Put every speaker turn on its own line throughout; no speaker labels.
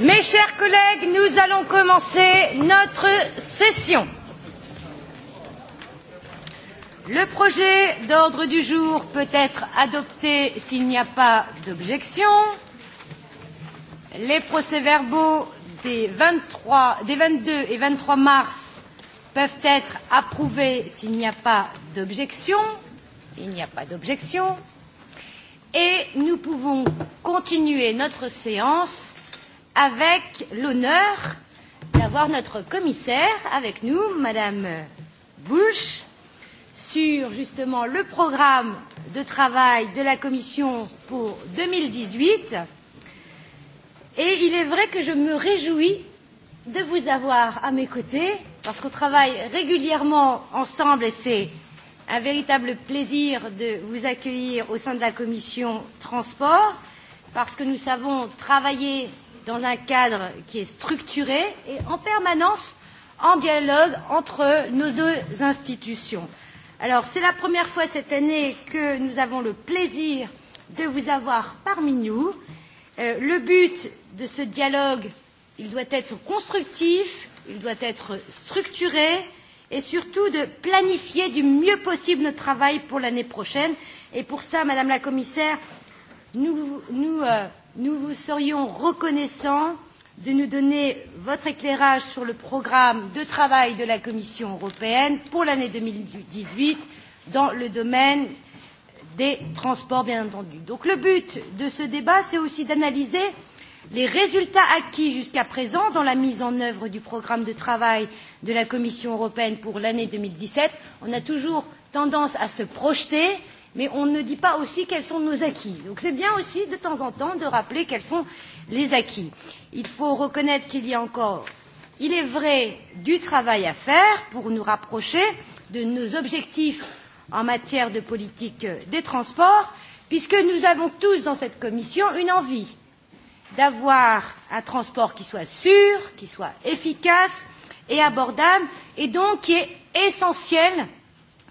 Mes chers collègues, nous allons commencer notre session. Le projet d'ordre du jour peut être adopté s'il n'y a pas d'objection. Les procès-verbaux des, 23, des 22 et 23 mars peuvent être approuvés s'il n'y a pas d'objection. Il n'y a pas d'objection. Et nous pouvons continuer notre séance avec l'honneur d'avoir notre commissaire avec nous, Madame Bush, sur justement le programme de travail de la Commission pour 2018. Et il est vrai que je me réjouis de vous avoir à mes côtés, parce qu'on travaille régulièrement ensemble et c'est un véritable plaisir de vous accueillir au sein de la Commission Transport, parce que nous savons travailler dans un cadre qui est structuré et en permanence en dialogue entre nos deux institutions. Alors, c'est la première fois cette année que nous avons le plaisir de vous avoir parmi nous. Euh, le but de ce dialogue, il doit être constructif, il doit être structuré et surtout de planifier du mieux possible notre travail pour l'année prochaine. Et pour ça, Madame la Commissaire, nous, nous euh, nous vous serions reconnaissants de nous donner votre éclairage sur le programme de travail de la Commission européenne pour l'année 2018 dans le domaine des transports, bien entendu. Donc le but de ce débat, c'est aussi d'analyser les résultats acquis jusqu'à présent dans la mise en œuvre du programme de travail de la Commission européenne pour l'année 2017. On a toujours tendance à se projeter, mais on ne dit pas aussi quels sont nos acquis. Donc c'est bien aussi de temps en temps de rappeler quels sont les acquis. Il faut reconnaître qu'il y a encore, il est vrai, du travail à faire pour nous rapprocher de nos objectifs en matière de politique des transports, puisque nous avons tous dans cette commission une envie d'avoir un transport qui soit sûr, qui soit efficace et abordable, et donc qui est essentiel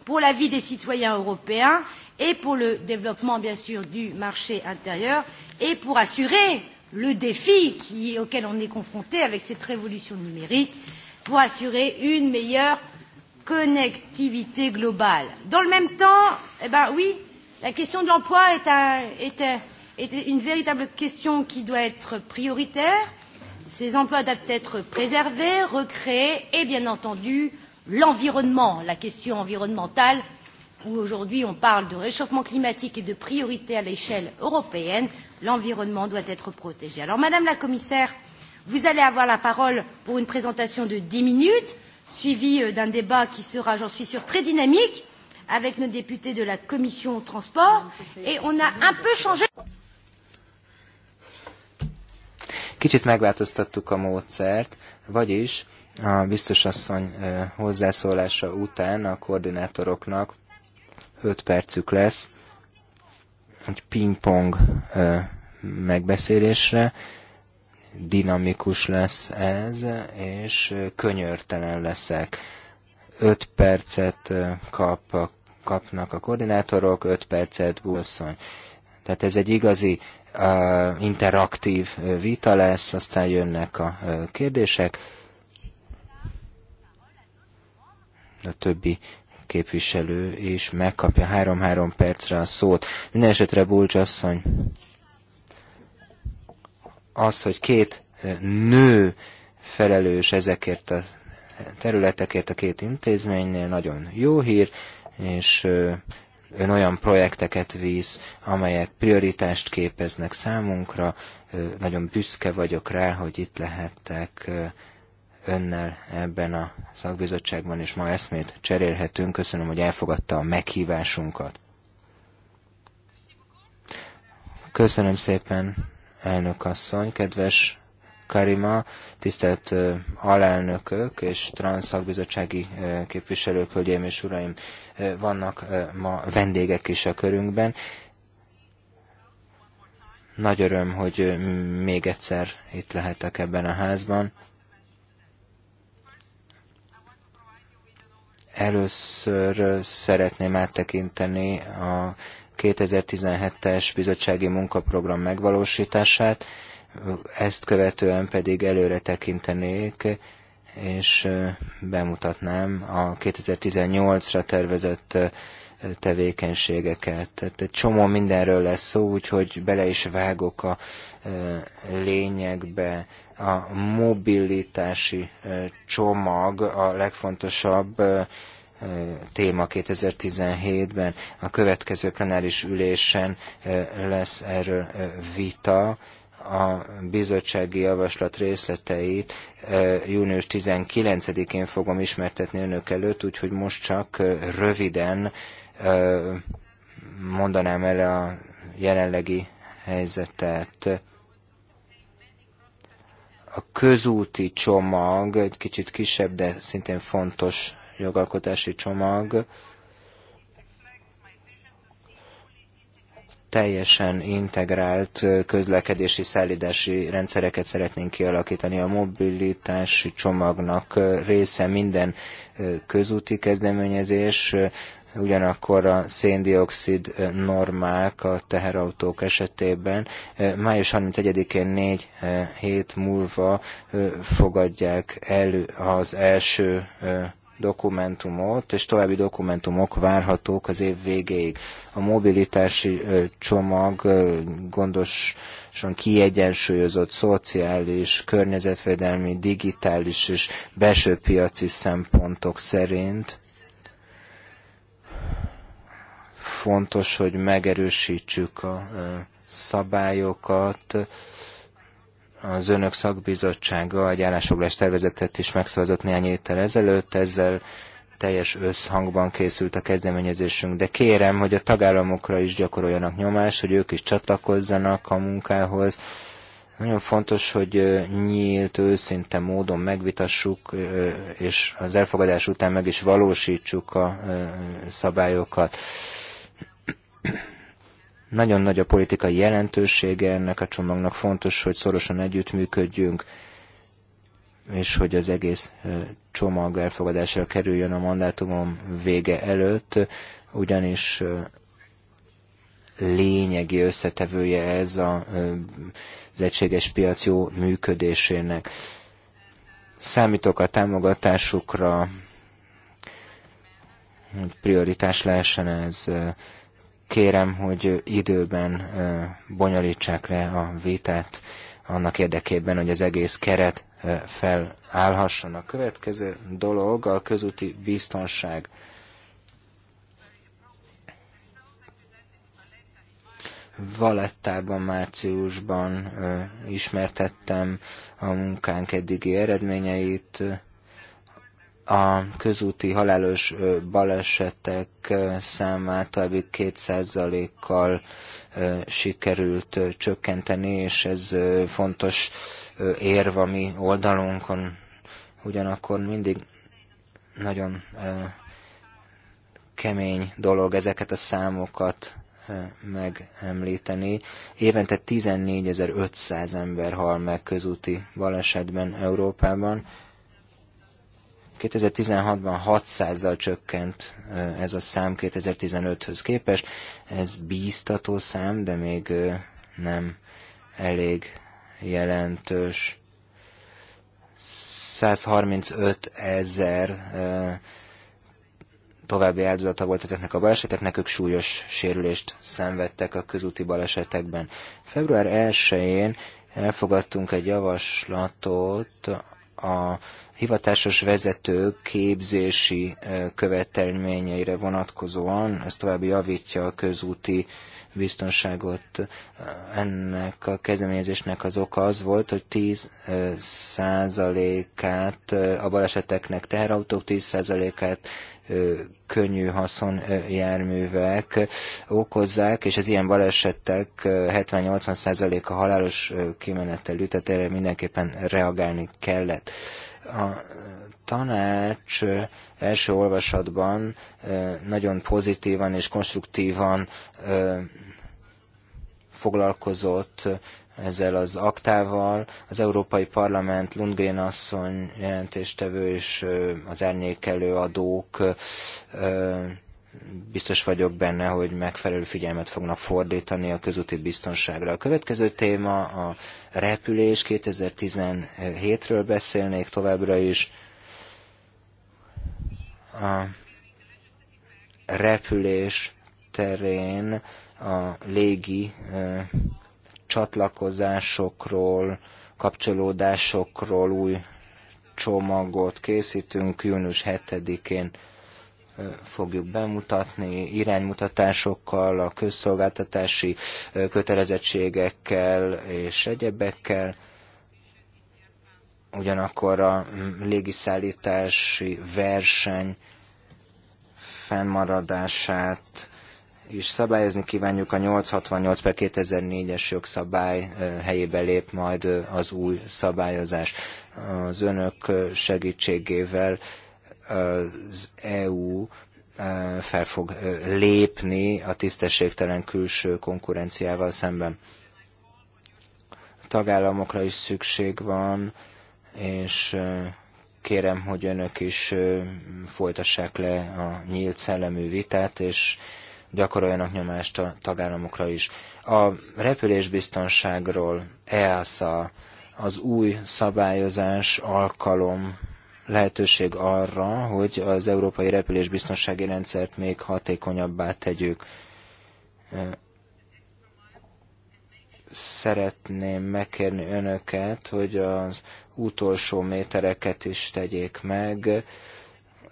pour la vie des citoyens européens et pour le développement, bien sûr, du marché intérieur et pour assurer le défi qui, auquel on est confronté avec cette révolution numérique, pour assurer une meilleure connectivité globale. Dans le même temps, eh ben oui, la question de l'emploi est, un, est, un, est une véritable question qui doit être prioritaire. Ces emplois doivent être préservés, recréés et bien entendu l'environnement, la question environnementale où aujourd'hui on parle de réchauffement climatique et de priorité à l'échelle européenne, l'environnement doit être protégé. Alors Madame la Commissaire, vous allez avoir la parole pour une présentation de dix minutes, suivie euh, d'un débat qui sera, j'en suis sûre, très dynamique avec nos députés de la Commission Transport et on a un peu changé.
Kicsit megváltoztattuk a módszert, vagyis a biztos asszony hozzászólása után a koordinátoroknak 5 percük lesz egy pingpong megbeszélésre. Dinamikus lesz ez, és könyörtelen leszek. 5 percet kap kapnak a koordinátorok, 5 percet buszony. Tehát ez egy igazi uh, interaktív vita lesz, aztán jönnek a kérdések. A többi képviselő is megkapja három-három percre a szót. Mindenesetre Bulcs asszony, az, hogy két eh, nő felelős ezekért a területekért a két intézménynél, nagyon jó hír, és eh, ön olyan projekteket visz, amelyek prioritást képeznek számunkra. Eh, nagyon büszke vagyok rá, hogy itt lehettek önnel ebben a szakbizottságban, és ma eszmét cserélhetünk. Köszönöm, hogy elfogadta a meghívásunkat. Köszönöm szépen, elnök asszony, kedves Karima, tisztelt alelnökök és transzakbizottsági képviselők, hölgyeim és uraim, vannak ma vendégek is a körünkben. Nagy öröm, hogy még egyszer itt lehetek ebben a házban. Először szeretném áttekinteni a 2017-es bizottsági munkaprogram megvalósítását, ezt követően pedig előre tekintenék, és bemutatnám a 2018-ra tervezett tevékenységeket. Tehát egy csomó mindenről lesz szó, úgyhogy bele is vágok a lényegbe. A mobilitási csomag a legfontosabb téma 2017-ben. A következő plenáris ülésen lesz erről vita. A bizottsági javaslat részleteit június 19-én fogom ismertetni önök előtt, úgyhogy most csak röviden mondanám el a jelenlegi helyzetet. A közúti csomag, egy kicsit kisebb, de szintén fontos jogalkotási csomag, teljesen integrált közlekedési szállítási rendszereket szeretnénk kialakítani. A mobilitási csomagnak része minden közúti kezdeményezés, ugyanakkor a széndiokszid normák a teherautók esetében május 31-én négy hét múlva fogadják el az első dokumentumot, és további dokumentumok várhatók az év végéig. A mobilitási csomag gondosan kiegyensúlyozott szociális, környezetvédelmi, digitális és belső piaci szempontok szerint fontos, hogy megerősítsük a szabályokat. Az önök szakbizottsága egy állásfoglalás tervezetet is megszavazott néhány héttel ezelőtt, ezzel teljes összhangban készült a kezdeményezésünk, de kérem, hogy a tagállamokra is gyakoroljanak nyomást, hogy ők is csatlakozzanak a munkához. Nagyon fontos, hogy nyílt, őszinte módon megvitassuk, és az elfogadás után meg is valósítsuk a szabályokat. Nagyon nagy a politikai jelentősége ennek a csomagnak, fontos, hogy szorosan együttműködjünk, és hogy az egész csomag elfogadásra kerüljön a mandátumom vége előtt, ugyanis lényegi összetevője ez a, az egységes piac jó működésének. Számítok a támogatásukra, hogy prioritás lehessen ez Kérem, hogy időben bonyolítsák le a vitát annak érdekében, hogy az egész keret felállhasson. A következő dolog a közúti biztonság. Valettában márciusban ö, ismertettem a munkánk eddigi eredményeit, a közúti halálos balesetek számát további 2%-kal sikerült csökkenteni, és ez fontos érv a mi oldalunkon. Ugyanakkor mindig nagyon kemény dolog ezeket a számokat megemlíteni. Évente 14.500 ember hal meg közúti balesetben Európában 2016-ban 600-zal csökkent ez a szám 2015-höz képest. Ez bíztató szám, de még nem elég jelentős. 135 ezer további áldozata volt ezeknek a baleseteknek, ők súlyos sérülést szenvedtek a közúti balesetekben. Február 1-én elfogadtunk egy javaslatot a hivatásos vezetők képzési követelményeire vonatkozóan, ez további javítja a közúti biztonságot. Ennek a kezdeményezésnek az oka az volt, hogy 10 százalékát a baleseteknek teherautók, 10 százalékát könnyű haszonjárművek járművek okozzák, és az ilyen balesetek 70-80 százaléka halálos kimenetelű, tehát erre mindenképpen reagálni kellett. A tanács első olvasatban nagyon pozitívan és konstruktívan foglalkozott ezzel az aktával. Az Európai Parlament Lundgren asszony jelentéstevő és az árnyékelő adók biztos vagyok benne, hogy megfelelő figyelmet fognak fordítani a közúti biztonságra. A következő téma a repülés, 2017-ről beszélnék továbbra is. A repülés terén a légi csatlakozásokról, kapcsolódásokról új csomagot készítünk június 7-én fogjuk bemutatni, iránymutatásokkal, a közszolgáltatási kötelezettségekkel és egyebekkel. Ugyanakkor a légiszállítási verseny fennmaradását is szabályozni kívánjuk. A 868 per 2004-es jogszabály helyébe lép majd az új szabályozás. Az önök segítségével az EU fel fog lépni a tisztességtelen külső konkurenciával szemben. A tagállamokra is szükség van, és kérem, hogy önök is folytassák le a nyílt szellemű vitát, és gyakoroljanak nyomást a tagállamokra is. A repülésbiztonságról EASA az új szabályozás alkalom lehetőség arra, hogy az európai repülésbiztonsági rendszert még hatékonyabbá tegyük. Szeretném megkérni önöket, hogy az utolsó métereket is tegyék meg,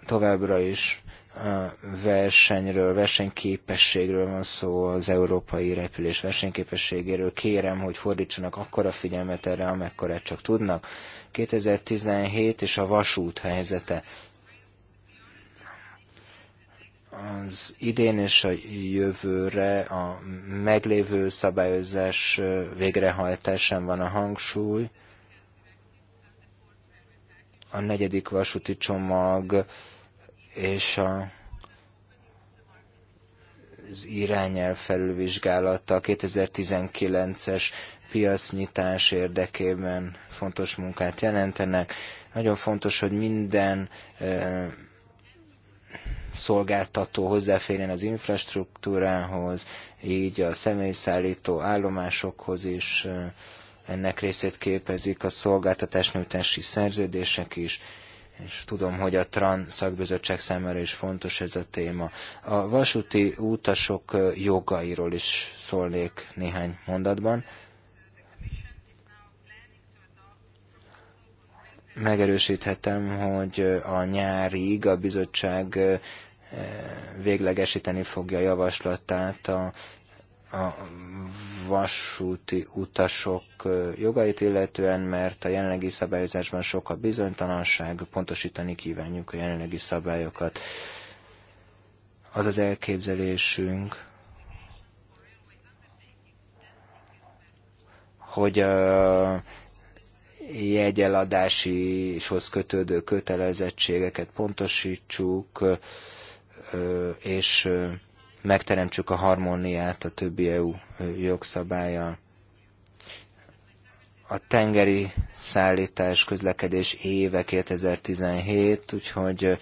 továbbra is versenyről, versenyképességről van szó az európai repülés versenyképességéről. Kérem, hogy fordítsanak akkora figyelmet erre, amekkorát csak tudnak 2017 és a vasút helyzete. Az idén és a jövőre a meglévő szabályozás végrehajtásán van a hangsúly. A negyedik vasúti csomag és a az irányelv felülvizsgálata, a 2019-es piacnyitás érdekében fontos munkát jelentenek. Nagyon fontos, hogy minden szolgáltató hozzáférjen az infrastruktúrához, így a személyszállító állomásokhoz is ennek részét képezik a szolgáltatás nyújtási szerződések is, és tudom, hogy a TRAN szakbizottság számára is fontos ez a téma. A vasúti utasok jogairól is szólnék néhány mondatban. megerősíthetem, hogy a nyárig a bizottság véglegesíteni fogja javaslatát a, a vasúti utasok jogait illetően, mert a jelenlegi szabályozásban sok a bizonytalanság, pontosítani kívánjuk a jelenlegi szabályokat. Az az elképzelésünk, hogy a jegyeladáshoz kötődő kötelezettségeket pontosítsuk, és megteremtsük a harmóniát a többi EU jogszabályjal. A tengeri szállítás közlekedés éve 2017, úgyhogy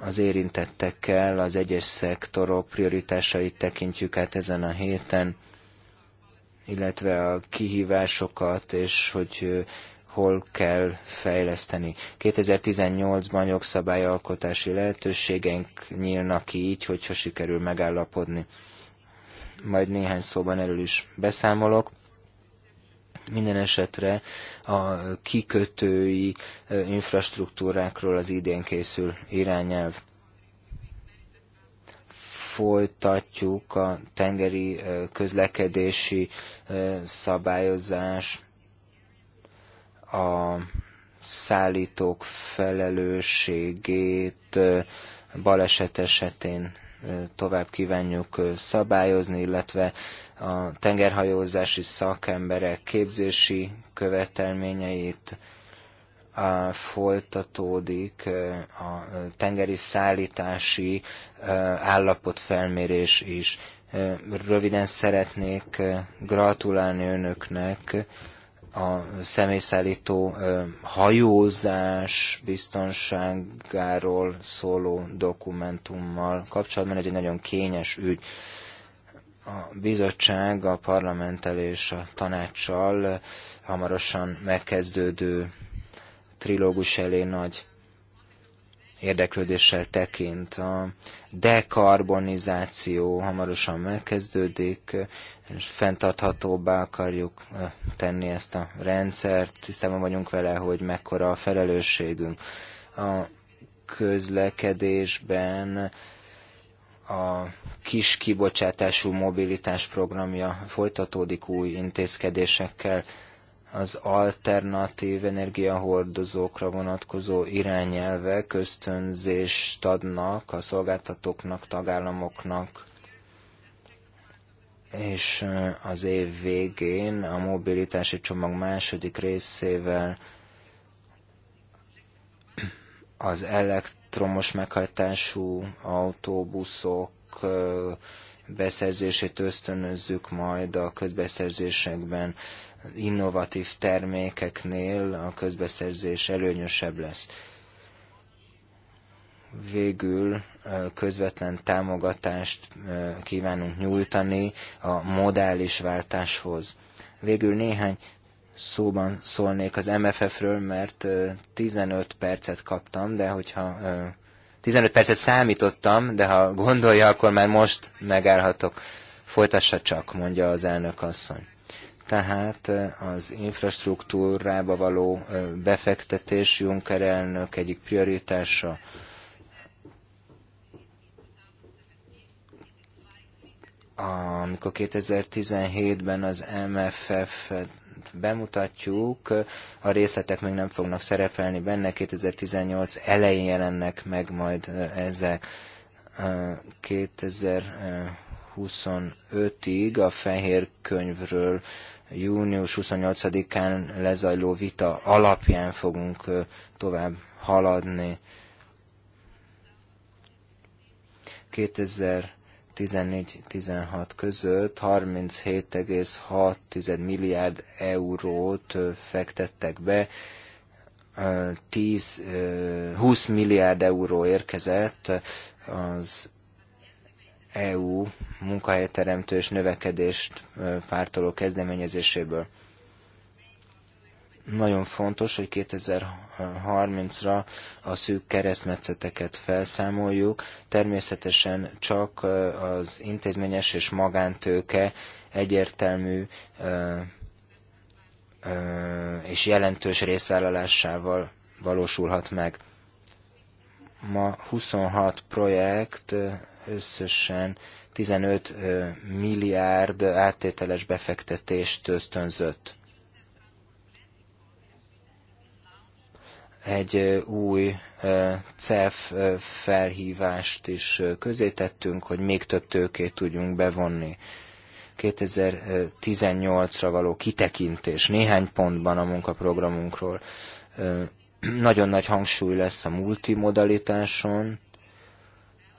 az érintettekkel az egyes szektorok prioritásait tekintjük át ezen a héten, illetve a kihívásokat, és hogy hol kell fejleszteni. 2018-ban jogszabályalkotási lehetőségeink nyílnak ki így, hogyha sikerül megállapodni. Majd néhány szóban erről is beszámolok. Minden esetre a kikötői infrastruktúrákról az idén készül irányelv. Folytatjuk a tengeri közlekedési szabályozás a szállítók felelősségét baleset esetén tovább kívánjuk szabályozni, illetve a tengerhajózási szakemberek képzési követelményeit folytatódik a tengeri szállítási állapotfelmérés is. Röviden szeretnék gratulálni önöknek a személyszállító hajózás biztonságáról szóló dokumentummal kapcsolatban. Ez egy nagyon kényes ügy. A bizottság a parlamenttel és a tanácssal hamarosan megkezdődő trilógus elé nagy érdeklődéssel tekint. A dekarbonizáció hamarosan megkezdődik, és fenntarthatóbbá akarjuk tenni ezt a rendszert, tisztában vagyunk vele, hogy mekkora a felelősségünk. A közlekedésben a kis kibocsátású mobilitás programja folytatódik új intézkedésekkel, az alternatív energiahordozókra vonatkozó irányelvek ösztönzést adnak a szolgáltatóknak, tagállamoknak és az év végén a mobilitási csomag második részével az elektromos meghajtású autóbuszok beszerzését ösztönözzük majd a közbeszerzésekben, innovatív termékeknél a közbeszerzés előnyösebb lesz. Végül közvetlen támogatást kívánunk nyújtani a modális váltáshoz. Végül néhány szóban szólnék az MFF-ről, mert 15 percet kaptam, de hogyha 15 percet számítottam, de ha gondolja, akkor már most megállhatok. Folytassa csak, mondja az elnök asszony. Tehát az infrastruktúrába való befektetés Juncker elnök egyik prioritása, amikor 2017-ben az mff bemutatjuk, a részletek még nem fognak szerepelni benne, 2018 elején jelennek meg majd ezek 2025-ig a fehér könyvről június 28-án lezajló vita alapján fogunk tovább haladni. 2000 14-16 között 37,6 milliárd eurót fektettek be, 10, 20 milliárd euró érkezett az EU munkahelyteremtő és növekedést pártoló kezdeményezéséből. Nagyon fontos, hogy 2000 30 ra a szűk keresztmetszeteket felszámoljuk. Természetesen csak az intézményes és magántőke egyértelmű és jelentős részvállalásával valósulhat meg. Ma 26 projekt összesen 15 milliárd áttételes befektetést ösztönzött. egy új CEF felhívást is tettünk, hogy még több tőkét tudjunk bevonni. 2018-ra való kitekintés néhány pontban a munkaprogramunkról. Nagyon nagy hangsúly lesz a multimodalitáson.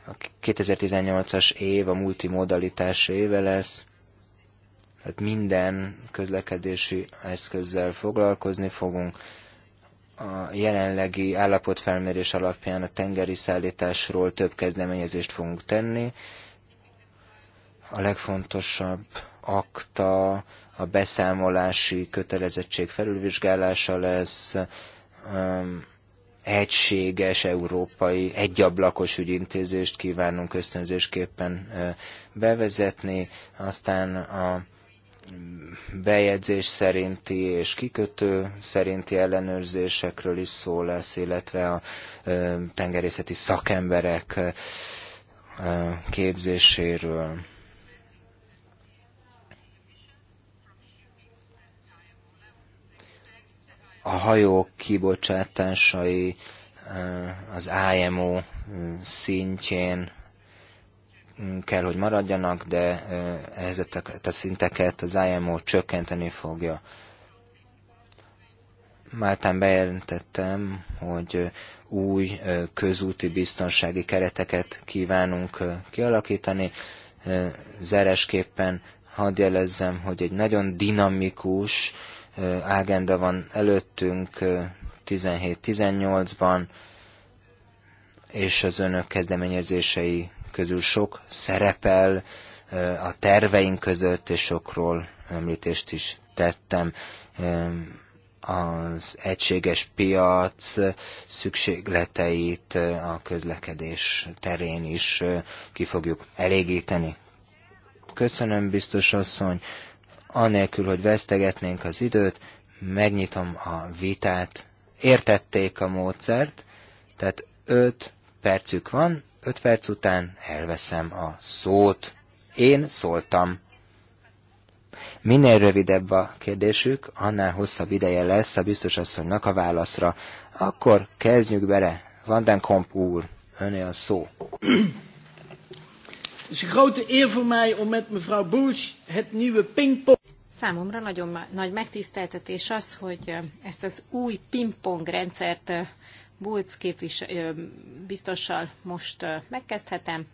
A 2018-as év a multimodalitás éve lesz. Tehát minden közlekedési eszközzel foglalkozni fogunk a jelenlegi állapotfelmérés alapján a tengeri szállításról több kezdeményezést fogunk tenni. A legfontosabb akta a beszámolási kötelezettség felülvizsgálása lesz, um, egységes európai egyablakos ügyintézést kívánunk ösztönzésképpen bevezetni, aztán a bejegyzés szerinti és kikötő szerinti ellenőrzésekről is szó lesz, illetve a tengerészeti szakemberek képzéséről. A hajók kibocsátásai az IMO szintjén kell, hogy maradjanak, de ehhez a szinteket az IMO csökkenteni fogja. Máltán bejelentettem, hogy új közúti biztonsági kereteket kívánunk kialakítani. Zeresképpen hadd jelezzem, hogy egy nagyon dinamikus ágenda van előttünk 17-18-ban, és az önök kezdeményezései közül sok szerepel a terveink között, és sokról említést is tettem az egységes piac szükségleteit a közlekedés terén is ki fogjuk elégíteni. Köszönöm, biztos asszony, anélkül, hogy vesztegetnénk az időt, megnyitom a vitát. Értették a módszert, tehát öt percük van, öt perc után elveszem a szót. Én szóltam. Minél rövidebb a kérdésük, annál hosszabb ideje lesz a biztos asszonynak a válaszra. Akkor kezdjük bele. Van den Komp úr, öné a szó.
Számomra nagyon nagy megtiszteltetés az, hogy eh, ezt az új pingpong rendszert eh, Bulc képvisel, biztossal most megkezdhetem.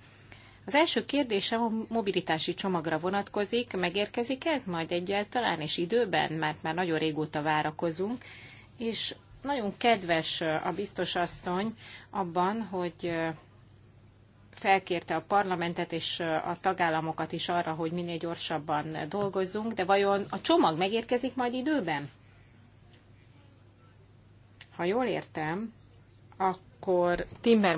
Az első kérdésem a mobilitási csomagra vonatkozik. Megérkezik ez majd egyáltalán, és időben, mert már nagyon régóta várakozunk, és nagyon kedves a biztos asszony abban, hogy felkérte a parlamentet és a tagállamokat is arra, hogy minél gyorsabban dolgozzunk, de vajon a csomag megérkezik majd időben? Ha jól értem, akkor Timmer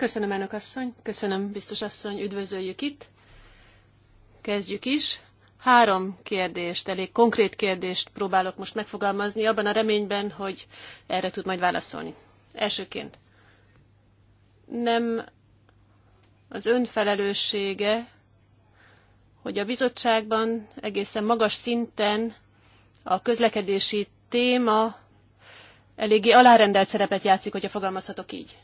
Köszönöm, elnök asszony, köszönöm, biztos asszony, üdvözöljük itt. Kezdjük is. Három kérdést, elég konkrét kérdést próbálok most megfogalmazni, abban a reményben, hogy erre tud majd válaszolni. Elsőként, nem az önfelelőssége, hogy a bizottságban egészen magas szinten a közlekedési téma eléggé alárendelt szerepet játszik, hogyha fogalmazhatok így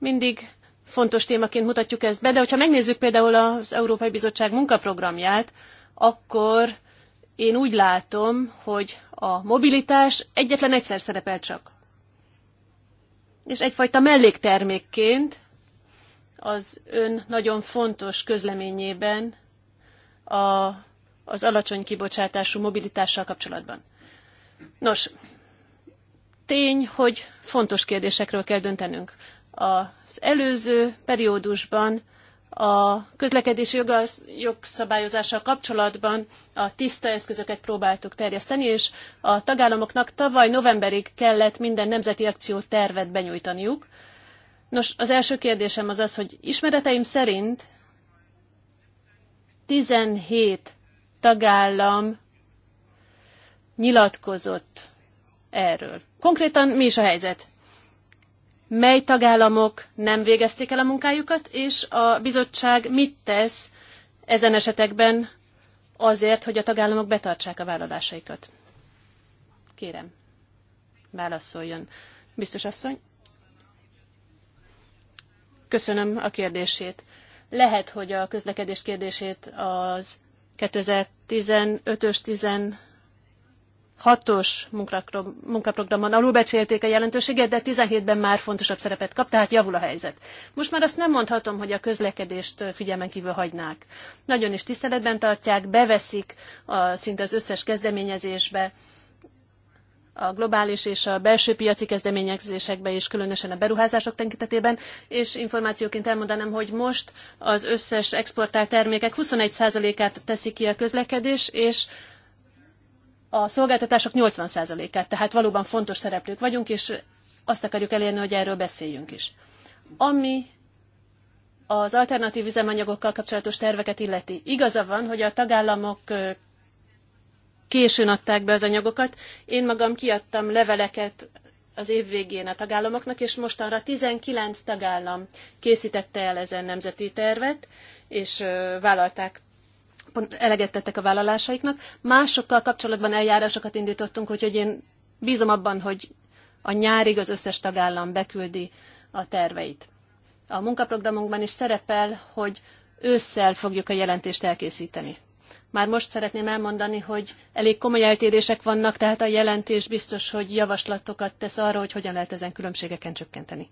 mindig fontos témaként mutatjuk ezt be, de hogyha megnézzük például az Európai Bizottság munkaprogramját, akkor én úgy látom, hogy a mobilitás egyetlen egyszer szerepel csak. És egyfajta melléktermékként az ön nagyon fontos közleményében a, az alacsony kibocsátású mobilitással kapcsolatban. Nos, tény, hogy fontos kérdésekről kell döntenünk. Az előző periódusban a közlekedési jogszabályozással kapcsolatban a tiszta eszközöket próbáltuk terjeszteni, és a tagállamoknak tavaly novemberig kellett minden nemzeti akció tervet benyújtaniuk. Nos, az első kérdésem az az, hogy ismereteim szerint 17 tagállam nyilatkozott erről. Konkrétan mi is a helyzet? mely tagállamok nem végezték el a munkájukat, és a bizottság mit tesz ezen esetekben azért, hogy a tagállamok betartsák a vállalásaikat? Kérem, válaszoljon. Biztos asszony? Köszönöm a kérdését. Lehet, hogy a közlekedés kérdését az 2015-ös hatos munkaprogramban alulbecsélték a jelentőséget, de 17-ben már fontosabb szerepet kap, tehát javul a helyzet. Most már azt nem mondhatom, hogy a közlekedést figyelmen kívül hagynák. Nagyon is tiszteletben tartják, beveszik a, szinte az összes kezdeményezésbe, a globális és a belső piaci kezdeményezésekbe és különösen a beruházások tekintetében, és információként elmondanám, hogy most az összes exportált termékek 21%-át teszi ki a közlekedés, és a szolgáltatások 80%-át, tehát valóban fontos szereplők vagyunk, és azt akarjuk elérni, hogy erről beszéljünk is. Ami az alternatív üzemanyagokkal kapcsolatos terveket illeti. Igaza van, hogy a tagállamok későn adták be az anyagokat. Én magam kiadtam leveleket az év végén a tagállamoknak, és mostanra 19 tagállam készítette el ezen nemzeti tervet, és vállalták pont eleget tettek a vállalásaiknak. Másokkal kapcsolatban eljárásokat indítottunk, úgyhogy én bízom abban, hogy a nyárig az összes tagállam beküldi a terveit. A munkaprogramunkban is szerepel, hogy ősszel fogjuk a jelentést elkészíteni. Már most szeretném elmondani, hogy elég komoly eltérések vannak, tehát a jelentés biztos, hogy javaslatokat tesz arra, hogy hogyan lehet ezen különbségeken csökkenteni.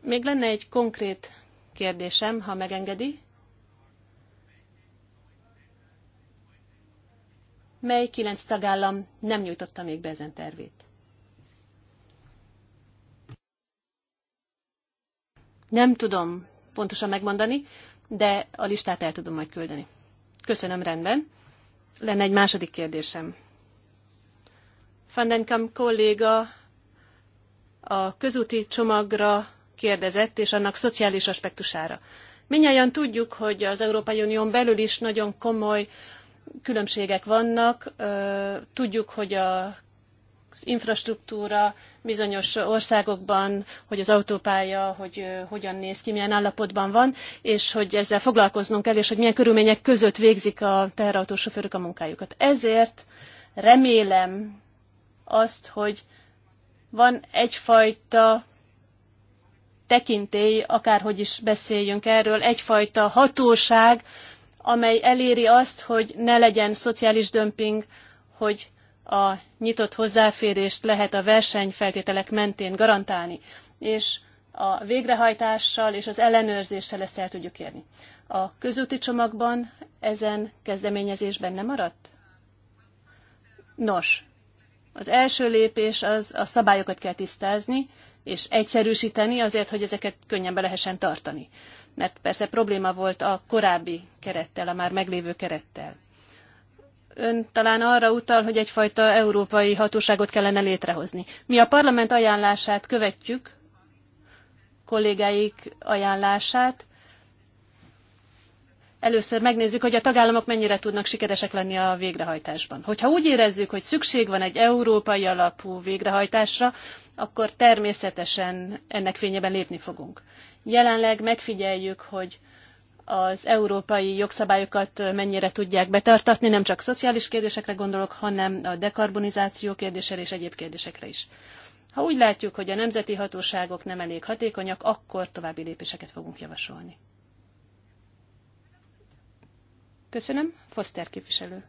Még lenne egy konkrét kérdésem, ha megengedi. mely kilenc tagállam nem nyújtotta még be ezen tervét. Nem tudom pontosan megmondani, de a listát el tudom majd küldeni. Köszönöm, rendben. Lenne egy második kérdésem. Fandenkam kolléga a közúti csomagra kérdezett, és annak szociális aspektusára. Minnyáján tudjuk, hogy az Európai Unión belül is nagyon komoly különbségek vannak. Tudjuk, hogy a az infrastruktúra bizonyos országokban, hogy az autópálya, hogy hogyan néz ki, milyen állapotban van, és hogy ezzel foglalkoznunk kell, és hogy milyen körülmények között végzik a teherautósofőrök a munkájukat. Ezért remélem azt, hogy van egyfajta tekintély, akárhogy is beszéljünk erről, egyfajta hatóság, amely eléri azt, hogy ne legyen szociális dömping, hogy a nyitott hozzáférést lehet a versenyfeltételek mentén garantálni, és a végrehajtással és az ellenőrzéssel ezt el tudjuk érni. A közúti csomagban ezen kezdeményezés benne maradt? Nos, az első lépés az a szabályokat kell tisztázni, és egyszerűsíteni azért, hogy ezeket könnyen be lehessen tartani. Mert persze probléma volt a korábbi kerettel, a már meglévő kerettel. Ön talán arra utal, hogy egyfajta európai hatóságot kellene létrehozni. Mi a parlament ajánlását követjük, kollégáik ajánlását, először megnézzük, hogy a tagállamok mennyire tudnak sikeresek lenni a végrehajtásban. Hogyha úgy érezzük, hogy szükség van egy európai alapú végrehajtásra, akkor természetesen ennek fényében lépni fogunk. Jelenleg megfigyeljük, hogy az európai jogszabályokat mennyire tudják betartatni, nem csak szociális kérdésekre gondolok, hanem a dekarbonizáció kérdésére és egyéb kérdésekre is. Ha úgy látjuk, hogy a nemzeti hatóságok nem elég hatékonyak, akkor további lépéseket fogunk javasolni. Köszönöm, Foster képviselő.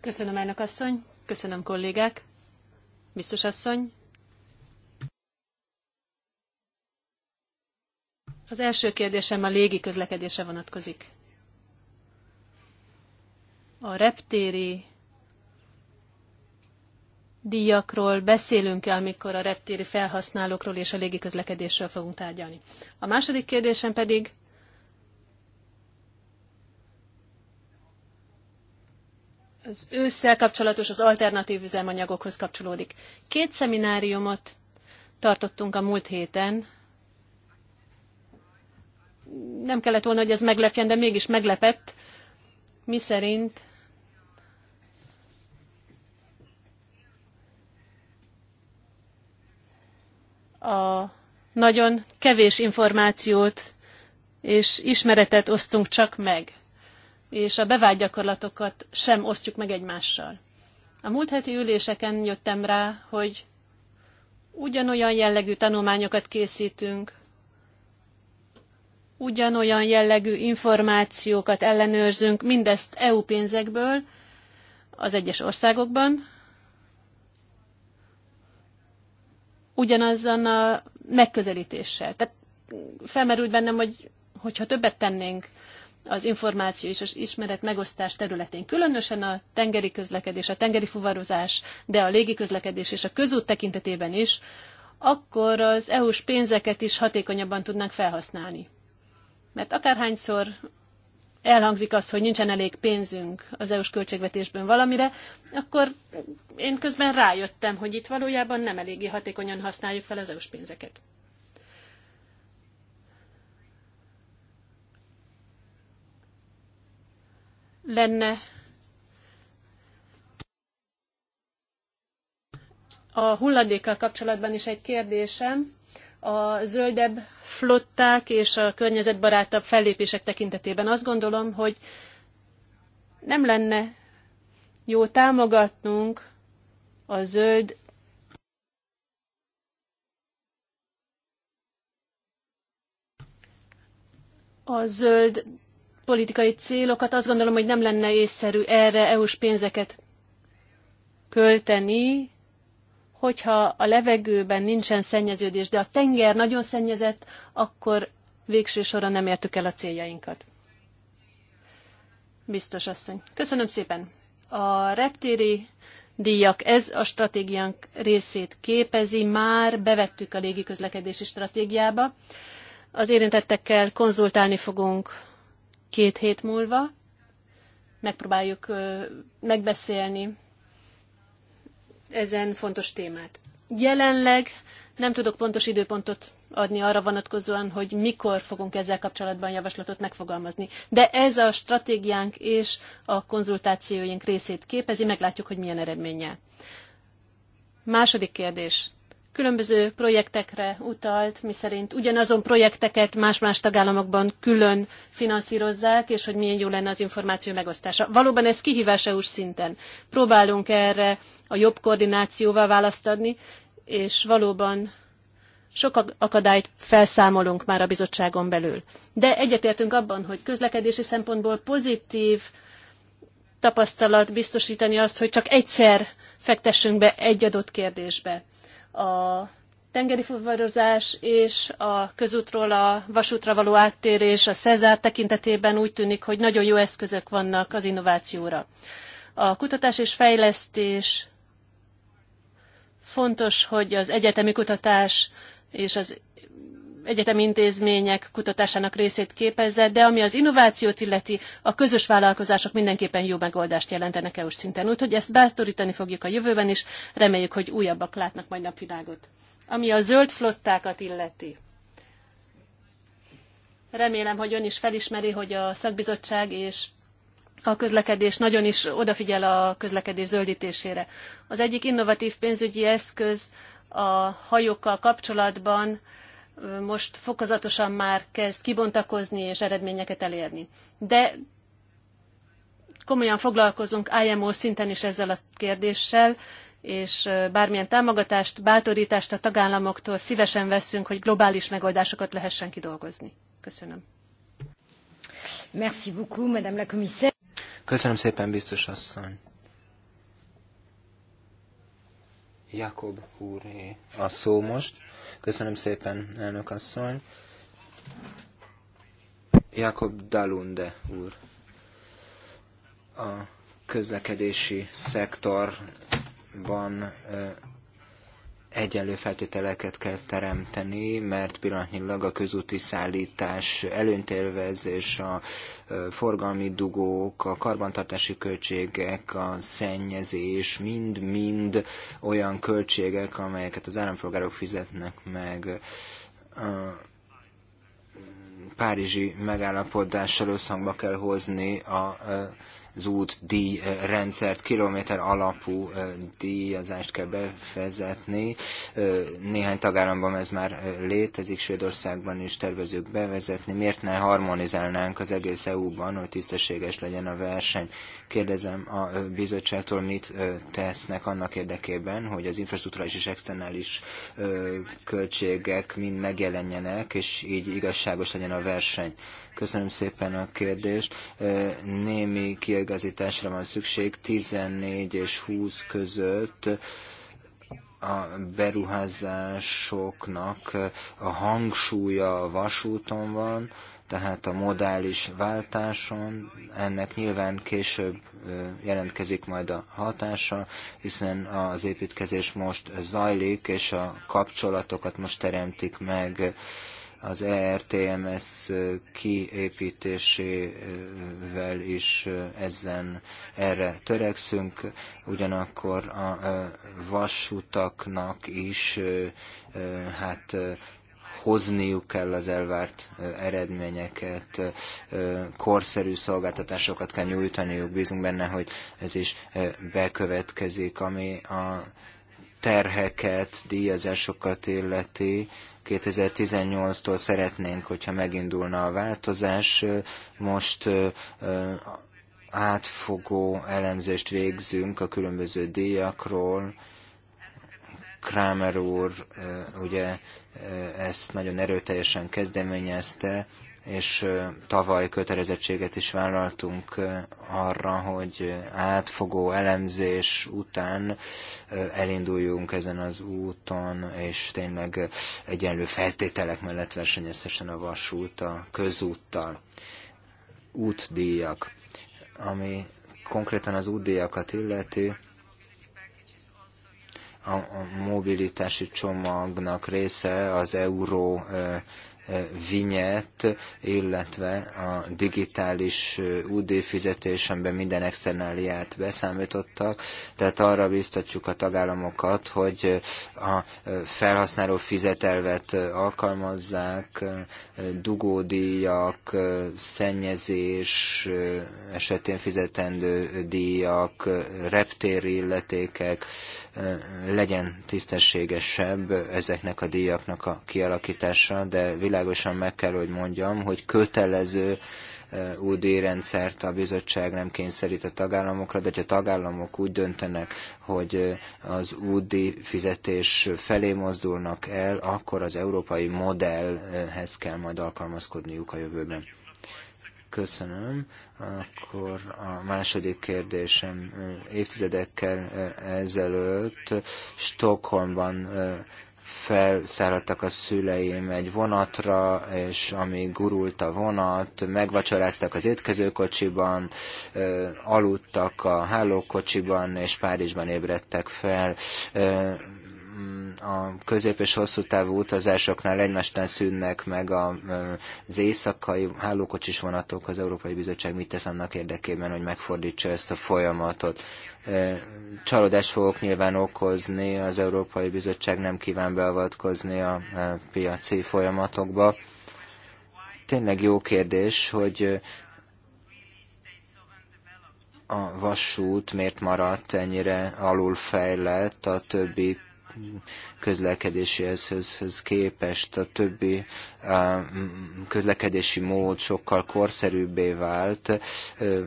Köszönöm, elnök asszony. Köszönöm, kollégák. Biztos asszony. Az első kérdésem a légi vonatkozik. A reptéri díjakról beszélünk-e, amikor a reptéri felhasználókról és a légiközlekedésről fogunk tárgyalni. A második kérdésem pedig az ősszel kapcsolatos, az alternatív üzemanyagokhoz kapcsolódik. Két szemináriumot tartottunk a múlt héten. Nem kellett volna, hogy ez meglepjen, de mégis meglepett, mi szerint a nagyon kevés információt és ismeretet osztunk csak meg és a bevált gyakorlatokat sem osztjuk meg egymással. A múlt heti üléseken jöttem rá, hogy ugyanolyan jellegű tanulmányokat készítünk, ugyanolyan jellegű információkat ellenőrzünk, mindezt EU pénzekből az egyes országokban, ugyanazon a megközelítéssel. Tehát felmerült bennem, hogy hogyha többet tennénk, az információ és az ismeret megosztás területén, különösen a tengeri közlekedés, a tengeri fuvarozás, de a légi közlekedés és a közút tekintetében is, akkor az EU-s pénzeket is hatékonyabban tudnánk felhasználni. Mert akárhányszor elhangzik az, hogy nincsen elég pénzünk az EU-s költségvetésben valamire, akkor én közben rájöttem, hogy itt valójában nem eléggé hatékonyan használjuk fel az EU-s pénzeket. lenne a hulladékkal kapcsolatban is egy kérdésem. A zöldebb flották és a környezetbarátabb fellépések tekintetében azt gondolom, hogy nem lenne jó támogatnunk a zöld a zöld politikai célokat, azt gondolom, hogy nem lenne észszerű erre EU-s pénzeket költeni, hogyha a levegőben nincsen szennyeződés, de a tenger nagyon szennyezett, akkor végső soron nem értük el a céljainkat. Biztos asszony. Köszönöm szépen. A reptéri díjak, ez a stratégiánk részét képezi, már bevettük a légiközlekedési stratégiába. Az érintettekkel konzultálni fogunk két hét múlva. Megpróbáljuk megbeszélni ezen fontos témát. Jelenleg nem tudok pontos időpontot adni arra vonatkozóan, hogy mikor fogunk ezzel kapcsolatban javaslatot megfogalmazni. De ez a stratégiánk és a konzultációink részét képezi, meglátjuk, hogy milyen eredménnyel. Második kérdés különböző projektekre utalt, miszerint ugyanazon projekteket más-más tagállamokban külön finanszírozzák, és hogy milyen jó lenne az információ megosztása. Valóban ez kihívás EU-s szinten. Próbálunk erre a jobb koordinációval választ adni, és valóban sok akadályt felszámolunk már a bizottságon belül. De egyetértünk abban, hogy közlekedési szempontból pozitív tapasztalat biztosítani azt, hogy csak egyszer fektessünk be egy adott kérdésbe a tengeri fuvarozás és a közútról a vasútra való áttérés a Cezár tekintetében úgy tűnik, hogy nagyon jó eszközök vannak az innovációra. A kutatás és fejlesztés fontos, hogy az egyetemi kutatás és az egyetemi intézmények kutatásának részét képezze, de ami az innovációt illeti, a közös vállalkozások mindenképpen jó megoldást jelentenek EU-s szinten. Úgyhogy ezt bátorítani fogjuk a jövőben is, reméljük, hogy újabbak látnak majd napvilágot. Ami a zöld flottákat illeti. Remélem, hogy ön is felismeri, hogy a szakbizottság és a közlekedés nagyon is odafigyel a közlekedés zöldítésére. Az egyik innovatív pénzügyi eszköz a hajókkal kapcsolatban most fokozatosan már kezd kibontakozni és eredményeket elérni. De komolyan foglalkozunk IMO szinten is ezzel a kérdéssel, és bármilyen támogatást, bátorítást a tagállamoktól szívesen veszünk, hogy globális megoldásokat lehessen kidolgozni. Köszönöm. Merci beaucoup, Madame la Commissaire.
Köszönöm szépen, biztos asszony. Jakob úré a szó most. Köszönöm szépen, elnök asszony. Jakob Dalunde úr. A közlekedési szektorban egyenlő feltételeket kell teremteni, mert pillanatnyilag a közúti szállítás előntélvezés, a forgalmi dugók, a karbantartási költségek, a szennyezés, mind-mind olyan költségek, amelyeket az állampolgárok fizetnek meg. A párizsi megállapodással összhangba kell hozni a az út díjrendszert, kilométer alapú díjazást kell bevezetni. Néhány tagállamban ez már létezik, Svédországban is tervezők bevezetni. Miért ne harmonizálnánk az egész EU-ban, hogy tisztességes legyen a verseny? Kérdezem a bizottságtól, mit tesznek annak érdekében, hogy az infrastruktúrális és externális költségek mind megjelenjenek, és így igazságos legyen a verseny. Köszönöm szépen a kérdést. Némi kiegazításra van szükség 14 és 20 között a beruházásoknak a hangsúlya a vasúton van, tehát a modális váltáson, ennek nyilván később jelentkezik majd a hatása, hiszen az építkezés most zajlik, és a kapcsolatokat most teremtik meg az ERTMS kiépítésével is ezen erre törekszünk, ugyanakkor a vasutaknak is hát hozniuk kell az elvárt eredményeket, korszerű szolgáltatásokat kell nyújtaniuk, bízunk benne, hogy ez is bekövetkezik, ami a terheket, díjazásokat illeti, 2018-tól szeretnénk, hogyha megindulna a változás. Most átfogó elemzést végzünk a különböző díjakról. Kramer úr ugye ezt nagyon erőteljesen kezdeményezte, és tavaly kötelezettséget is vállaltunk arra, hogy átfogó elemzés után elinduljunk ezen az úton, és tényleg egyenlő feltételek mellett versenyezhessen a vasút a közúttal. Útdíjak, ami konkrétan az útdíjakat illeti, a mobilitási csomagnak része az euró vinyet, illetve a digitális UD fizetés, amiben minden externáliát beszámítottak, tehát arra biztatjuk a tagállamokat, hogy a felhasználó fizetelvet alkalmazzák, dugódíjak, szennyezés esetén fizetendő díjak, reptéri illetékek, legyen tisztességesebb ezeknek a díjaknak a kialakítása, de világosan meg kell, hogy mondjam, hogy kötelező új rendszert a bizottság nem kényszerít a tagállamokra, de ha tagállamok úgy döntenek, hogy az údi fizetés felé mozdulnak el, akkor az európai modellhez kell majd alkalmazkodniuk a jövőben. Köszönöm. Akkor a második kérdésem. Évtizedekkel ezelőtt Stockholmban felszállhattak a szüleim egy vonatra, és amíg gurult a vonat, megvacsoráztak az étkezőkocsiban, aludtak a hálókocsiban, és Párizsban ébredtek fel a közép- és hosszú távú utazásoknál egymástán szűnnek meg az éjszakai hálókocsis vonatok. Az Európai Bizottság mit tesz annak érdekében, hogy megfordítsa ezt a folyamatot? Csalódást fogok nyilván okozni, az Európai Bizottság nem kíván beavatkozni a piaci folyamatokba. Tényleg jó kérdés, hogy a vasút miért maradt ennyire alulfejlett a többi közlekedési eszközhöz képest a többi közlekedési mód sokkal korszerűbbé vált.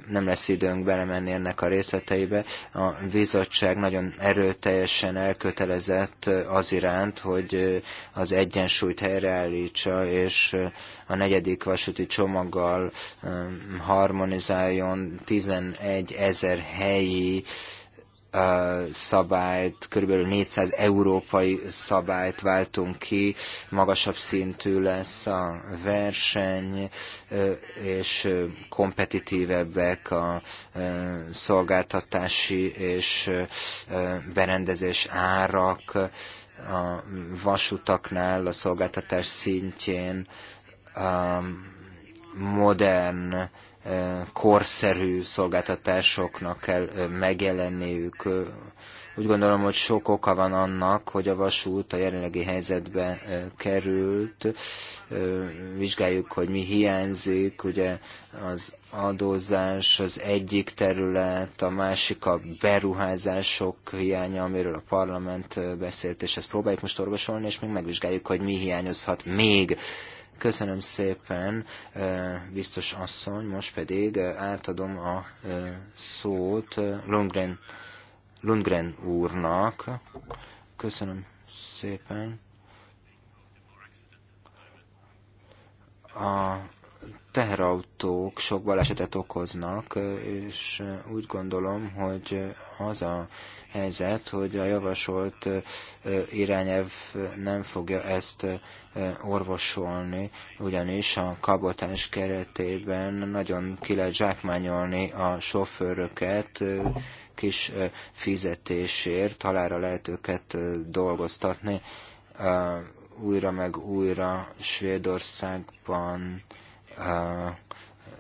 Nem lesz időnk belemenni ennek a részleteibe. A bizottság nagyon erőteljesen elkötelezett az iránt, hogy az egyensúlyt helyreállítsa, és a negyedik vasúti csomaggal harmonizáljon 11 ezer helyi szabályt, körülbelül 400 európai szabályt váltunk ki, magasabb szintű lesz a verseny, és kompetitívebbek a szolgáltatási és berendezés árak a vasutaknál, a szolgáltatás szintjén modern korszerű szolgáltatásoknak kell megjelenniük. Úgy gondolom, hogy sok oka van annak, hogy a vasút a jelenlegi helyzetbe került. Vizsgáljuk, hogy mi hiányzik. Ugye az adózás az egyik terület, a másik a beruházások hiánya, amiről a parlament beszélt, és ezt próbáljuk most orvosolni, és még megvizsgáljuk, hogy mi hiányozhat még Köszönöm szépen, biztos asszony, most pedig átadom a szót Lundgren, Lundgren úrnak. Köszönöm szépen. A teherautók sok balesetet okoznak, és úgy gondolom, hogy az a helyzet, hogy a javasolt irányelv nem fogja ezt orvosolni, ugyanis a kabotás keretében nagyon ki lehet zsákmányolni a sofőröket, kis fizetésért, halára lehet őket dolgoztatni. Újra meg újra Svédországban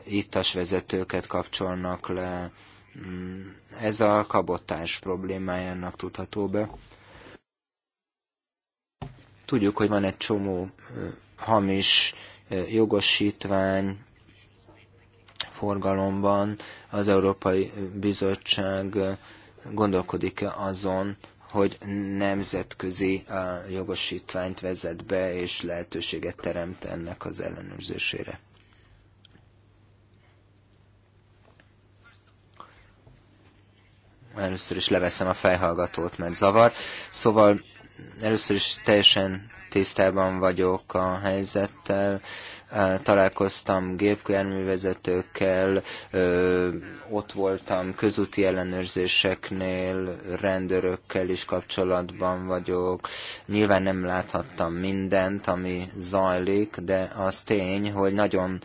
ittas vezetőket kapcsolnak le, ez a kabotás problémájának tudható be. Tudjuk, hogy van egy csomó hamis jogosítvány forgalomban. Az Európai Bizottság gondolkodik -e azon, hogy nemzetközi jogosítványt vezet be, és lehetőséget teremt ennek az ellenőrzésére. Először is leveszem a fejhallgatót, mert zavar. Szóval először is teljesen tisztában vagyok a helyzettel, találkoztam gépjárművezetőkkel, ott voltam közúti ellenőrzéseknél, rendőrökkel is kapcsolatban vagyok. Nyilván nem láthattam mindent, ami zajlik, de az tény, hogy nagyon,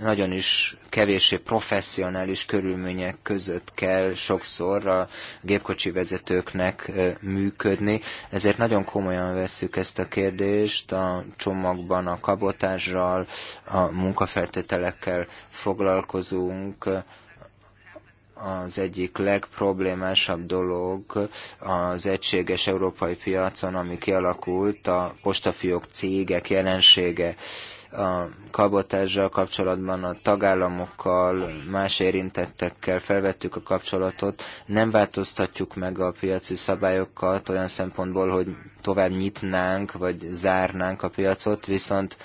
nagyon is kevéssé professzionális körülmények között kell sokszor a gépkocsi vezetőknek működni. Ezért nagyon komolyan vesszük ezt a kérdést a csomagban, a kabotázsral, a munkafeltételekkel foglalkozunk, az egyik legproblémásabb dolog az egységes európai piacon, ami kialakult, a postafiók cégek jelensége a kabotással kapcsolatban a tagállamokkal, más érintettekkel felvettük a kapcsolatot, nem változtatjuk meg a piaci szabályokat olyan szempontból, hogy tovább nyitnánk, vagy zárnánk a piacot, viszont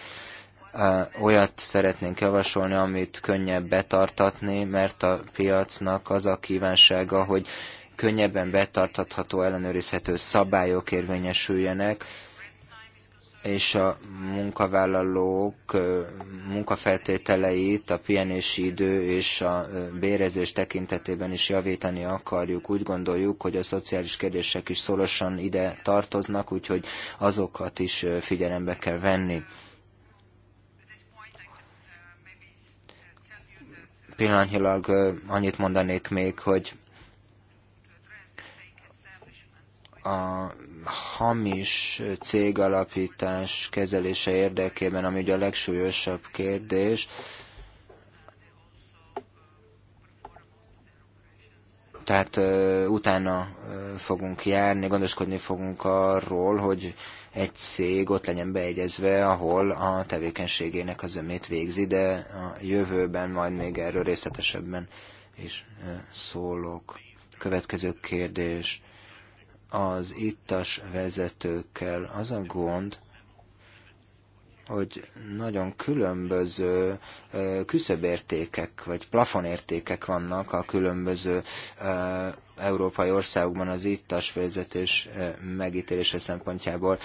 olyat szeretnénk javasolni, amit könnyebb betartatni, mert a piacnak az a kívánsága, hogy könnyebben betartatható, ellenőrizhető szabályok érvényesüljenek, és a munkavállalók munkafeltételeit a pihenési idő és a bérezés tekintetében is javítani akarjuk. Úgy gondoljuk, hogy a szociális kérdések is szorosan ide tartoznak, úgyhogy azokat is figyelembe kell venni. Pillanatnyilag annyit mondanék még, hogy a hamis cégalapítás kezelése érdekében, ami ugye a legsúlyosabb kérdés, Tehát utána fogunk járni, gondoskodni fogunk arról, hogy egy cég ott legyen beegyezve, ahol a tevékenységének az ömét végzi, de a jövőben majd még erről részletesebben is szólok. Következő kérdés. Az ittas vezetőkkel az a gond, hogy nagyon különböző küszöbértékek vagy plafonértékek vannak a különböző európai országokban az ittas vezetés megítélése szempontjából.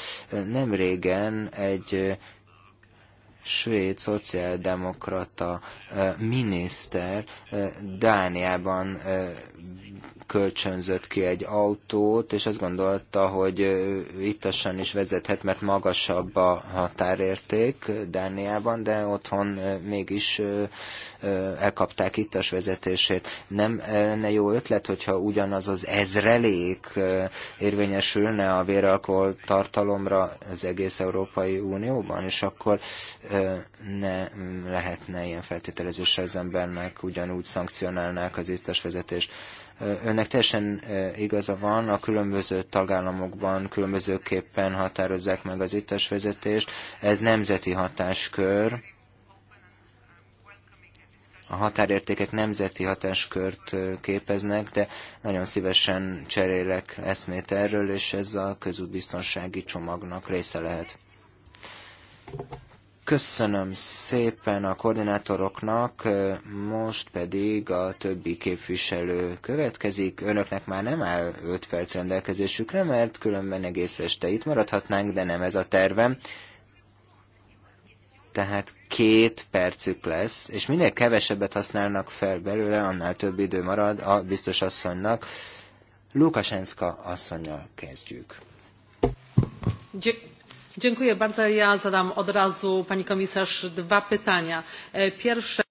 Nem régen egy svéd szociáldemokrata miniszter Dániában kölcsönzött ki egy autót, és azt gondolta, hogy ittasan is vezethet, mert magasabb a határérték Dániában, de otthon mégis elkapták ittas vezetését. Nem lenne jó ötlet, hogyha ugyanaz az ezrelék érvényesülne a véralkohol tartalomra az egész Európai Unióban, és akkor ne lehetne ilyen feltételezéssel az embernek ugyanúgy szankcionálnák az ittas vezetést. Önnek teljesen eh, igaza van, a különböző tagállamokban különbözőképpen határozzák meg az vezetést. Ez nemzeti hatáskör. A határértékek nemzeti hatáskört eh, képeznek, de nagyon szívesen cserélek eszmét erről, és ez a közúbiztonsági csomagnak része lehet. Köszönöm szépen a koordinátoroknak, most pedig a többi képviselő következik. Önöknek már nem áll 5 perc rendelkezésükre, mert különben egész este itt maradhatnánk, de nem ez a tervem. Tehát két percük lesz, és minél kevesebbet használnak fel belőle, annál több idő marad a biztos asszonynak. Lukasenszka asszonynal kezdjük.
Gy- Dziękuję bardzo. Ja zadam od razu pani komisarz dwa pytania. E, pierwsze.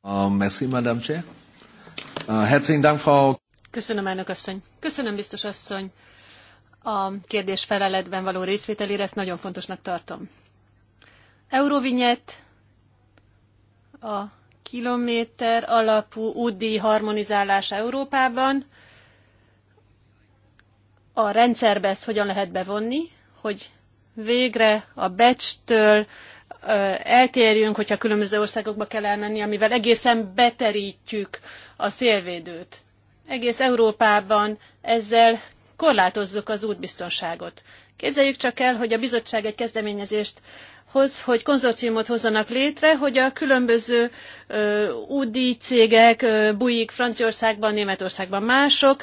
Uh, merci. Madame Chair. Uh, herzlichen
Dank, Frau...
Köszönöm, elnök asszony. Köszönöm, biztos asszony. A kérdés feleletben való részvételére ezt nagyon fontosnak tartom. Eurovinyet, a kilométer alapú útdíj harmonizálás Európában, a rendszerbe ezt hogyan lehet bevonni, hogy végre a becstől eltérjünk, hogyha különböző országokba kell elmenni, amivel egészen beterítjük a szélvédőt. Egész Európában ezzel korlátozzuk az útbiztonságot. Képzeljük csak el, hogy a bizottság egy kezdeményezést hoz, hogy konzorciumot hozzanak létre, hogy a különböző údi cégek, ö, bujik Franciaországban, Németországban mások,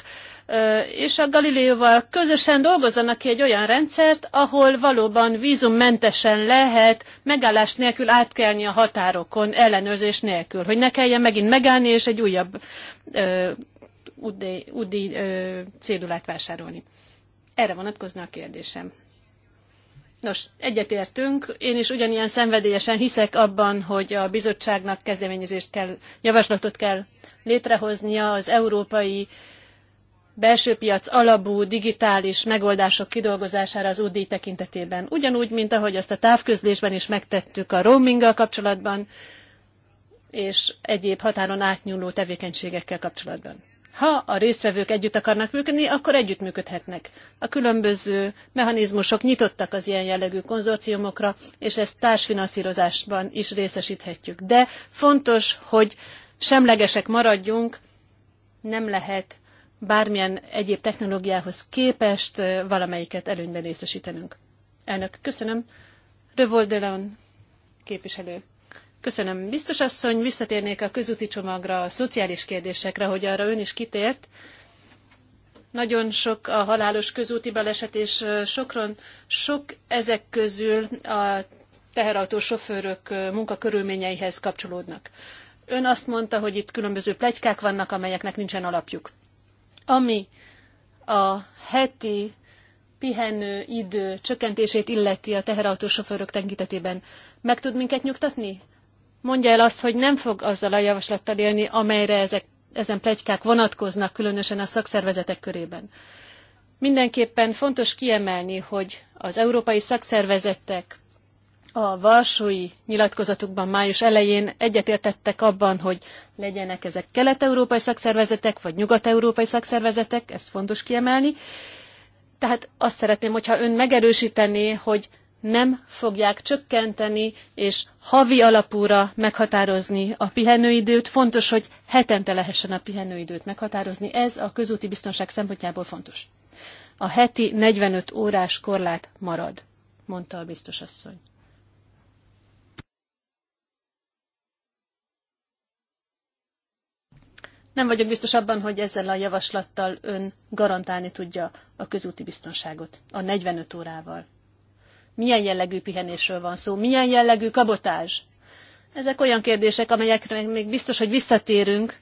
és a Galileóval közösen dolgozzanak ki egy olyan rendszert, ahol valóban vízummentesen lehet megállás nélkül átkelni a határokon, ellenőrzés nélkül, hogy ne kelljen megint megállni és egy újabb ö, UDI, UDI ö, cédulát vásárolni. Erre vonatkozna a kérdésem. Nos, egyetértünk. Én is ugyanilyen szenvedélyesen hiszek abban, hogy a bizottságnak kezdeményezést kell, javaslatot kell létrehoznia az európai belső piac alapú digitális megoldások kidolgozására az UDI tekintetében. Ugyanúgy, mint ahogy azt a távközlésben is megtettük a roaminggal kapcsolatban, és egyéb határon átnyúló tevékenységekkel kapcsolatban. Ha a résztvevők együtt akarnak működni, akkor együttműködhetnek. A különböző mechanizmusok nyitottak az ilyen jellegű konzorciumokra, és ezt társfinanszírozásban is részesíthetjük. De fontos, hogy semlegesek maradjunk, nem lehet bármilyen egyéb technológiához képest valamelyiket előnyben részesítenünk. Elnök, köszönöm. Revold de Leon, képviselő. Köszönöm. Biztos asszony, visszatérnék a közúti csomagra, a szociális kérdésekre, hogy arra ön is kitért. Nagyon sok a halálos közúti baleset, és sokron, sok ezek közül a teherautó sofőrök munkakörülményeihez kapcsolódnak. Ön azt mondta, hogy itt különböző plegykák vannak, amelyeknek nincsen alapjuk. Ami a heti pihenő idő csökkentését illeti a teherautósofőrök tekintetében, meg tud minket nyugtatni? Mondja el azt, hogy nem fog azzal a javaslattal élni, amelyre ezek, ezen plegykák vonatkoznak, különösen a szakszervezetek körében. Mindenképpen fontos kiemelni, hogy az európai szakszervezetek a Varsói nyilatkozatukban május elején egyetértettek abban, hogy legyenek ezek kelet-európai szakszervezetek, vagy nyugat-európai szakszervezetek, ezt fontos kiemelni. Tehát azt szeretném, hogyha ön megerősítené, hogy nem fogják csökkenteni és havi alapúra meghatározni a pihenőidőt. Fontos, hogy hetente lehessen a pihenőidőt meghatározni. Ez a közúti biztonság szempontjából fontos. A heti 45 órás korlát marad, mondta a biztos asszony. Nem vagyok biztos abban, hogy ezzel a javaslattal ön garantálni tudja a közúti biztonságot a 45 órával. Milyen jellegű pihenésről van szó? Milyen jellegű kabotás? Ezek olyan kérdések, amelyekre még biztos, hogy visszatérünk.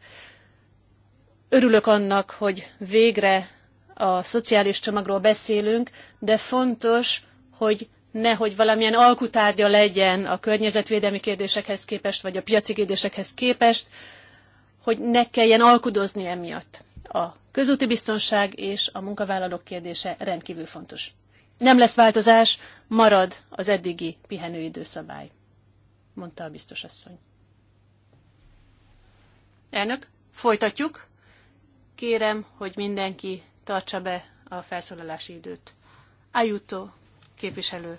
Örülök annak, hogy végre a szociális csomagról beszélünk, de fontos, hogy nehogy valamilyen alkutárgya legyen a környezetvédelmi kérdésekhez képest, vagy a piaci kérdésekhez képest, hogy ne kelljen alkudozni emiatt. A közúti biztonság és a munkavállalók kérdése rendkívül fontos. Nem lesz változás, marad az eddigi pihenőidőszabály, mondta a biztos asszony. Elnök, folytatjuk. Kérem, hogy mindenki tartsa be a felszólalási időt. Ajuto képviselő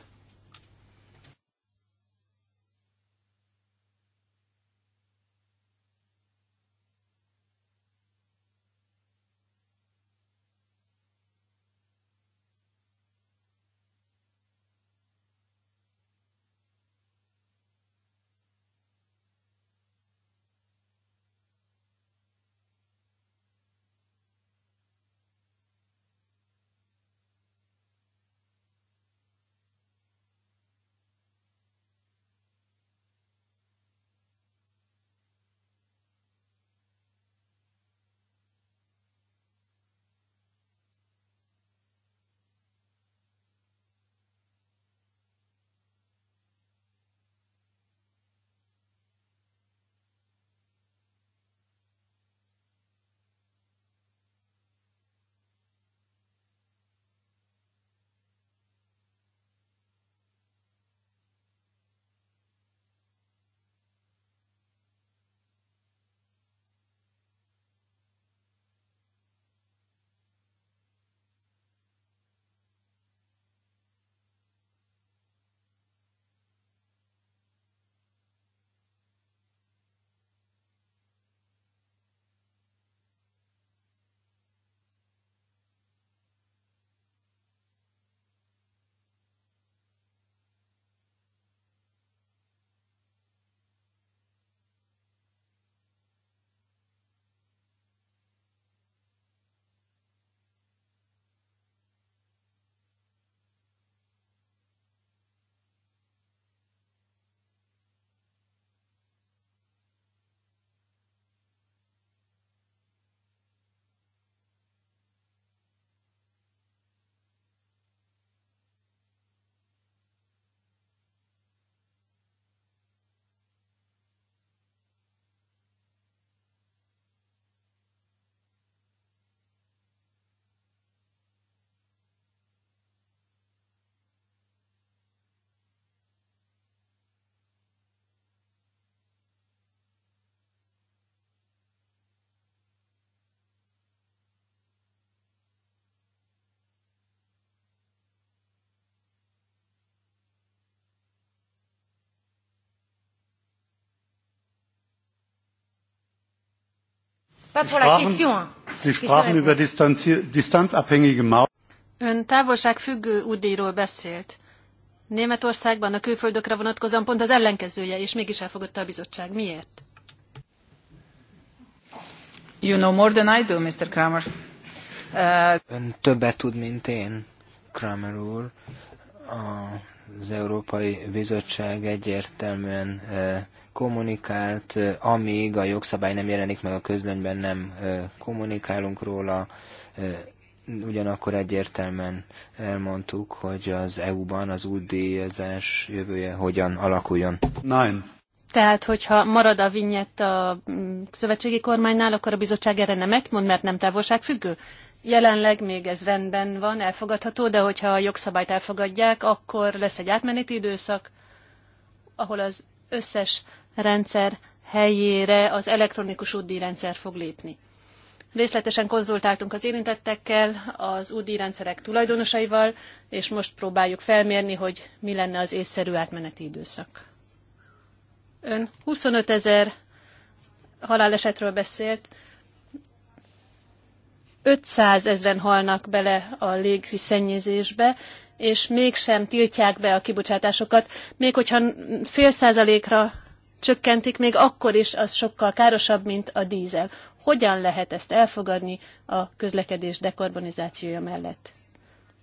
Sie sprachen über
distanzabhängige
Ön távolságfüggő útdíjról beszélt. Németországban a külföldökre vonatkozóan pont az ellenkezője, és mégis elfogadta a bizottság. Miért? You know more than I do, Mr. Kramer. Uh...
Ön többet tud, mint én, Kramer úr. A az Európai Bizottság egyértelműen e, kommunikált, e, amíg a jogszabály nem jelenik meg a közönyben, nem e, kommunikálunk róla, ugyanakkor egyértelműen elmondtuk, hogy az EU-ban az útdíjazás jövője hogyan alakuljon. Nein.
Tehát, hogyha marad a vinyett a mm, szövetségi kormánynál, akkor a bizottság erre nemet mond, mert nem távolságfüggő? Jelenleg még ez rendben van, elfogadható, de hogyha a jogszabályt elfogadják, akkor lesz egy átmeneti időszak, ahol az összes rendszer helyére az elektronikus UDI rendszer fog lépni. Részletesen konzultáltunk az érintettekkel, az UDI rendszerek tulajdonosaival, és most próbáljuk felmérni, hogy mi lenne az észszerű átmeneti időszak. Ön 25 ezer halálesetről beszélt, 500 ezeren halnak bele a légzi szennyezésbe, és mégsem tiltják be a kibocsátásokat, még hogyha fél százalékra csökkentik, még akkor is az sokkal károsabb, mint a dízel. Hogyan lehet ezt elfogadni a közlekedés dekarbonizációja mellett?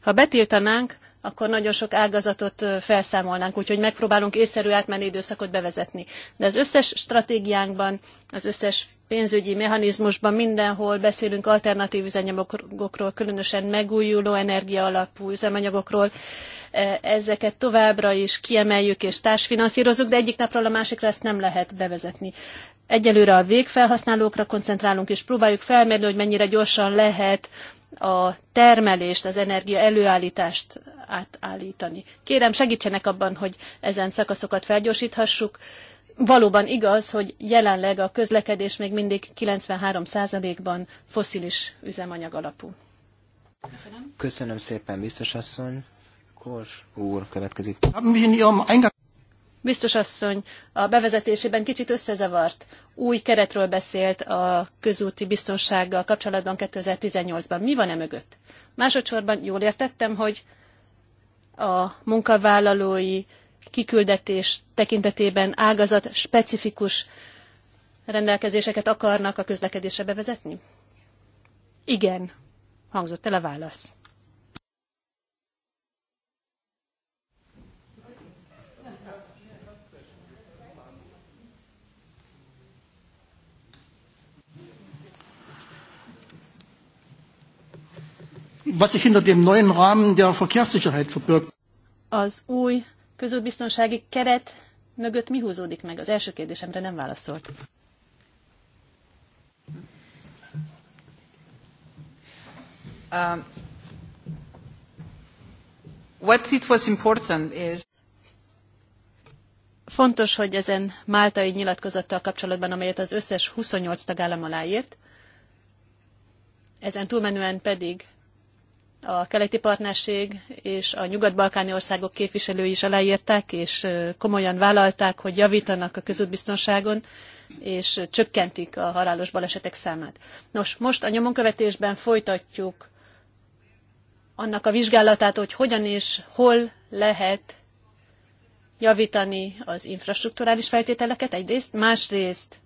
Ha betiltanánk, akkor nagyon sok ágazatot felszámolnánk, úgyhogy megpróbálunk észszerű átmenő időszakot bevezetni. De az összes stratégiánkban, az összes pénzügyi mechanizmusban mindenhol beszélünk alternatív üzemanyagokról, különösen megújuló energia alapú üzemanyagokról. E, ezeket továbbra is kiemeljük és társfinanszírozunk, de egyik napról a másikra ezt nem lehet bevezetni. Egyelőre a végfelhasználókra koncentrálunk, és próbáljuk felmérni, hogy mennyire gyorsan lehet a termelést, az energia előállítást átállítani. Kérem, segítsenek abban, hogy ezen szakaszokat felgyorsíthassuk. Valóban igaz, hogy jelenleg a közlekedés még mindig 93%-ban foszilis üzemanyag alapú. Köszönöm.
Köszönöm szépen, biztos asszony. Kors úr következik.
Biztos asszony a bevezetésében kicsit összezavart. Új keretről beszélt a közúti biztonsággal kapcsolatban 2018-ban. Mi van e mögött? Másodszorban jól értettem, hogy a munkavállalói kiküldetés tekintetében ágazat specifikus rendelkezéseket akarnak a közlekedésre bevezetni? Igen, hangzott el a válasz.
was sich hinter dem neuen Rahmen der Verkehrssicherheit verbirgt.
Az új közútbiztonsági keret mögött mi húzódik meg? Az első kérdésemre nem válaszolt. Um, what it was
important is
Fontos, hogy ezen máltai nyilatkozattal kapcsolatban, amelyet az összes 28 tagállam aláírt, ezen túlmenően pedig a keleti partnerség és a nyugat-balkáni országok képviselői is aláírták, és komolyan vállalták, hogy javítanak a közútbiztonságon, és csökkentik a halálos balesetek számát. Nos, most a nyomonkövetésben folytatjuk annak a vizsgálatát, hogy hogyan és hol lehet javítani az infrastruktúrális feltételeket egyrészt, másrészt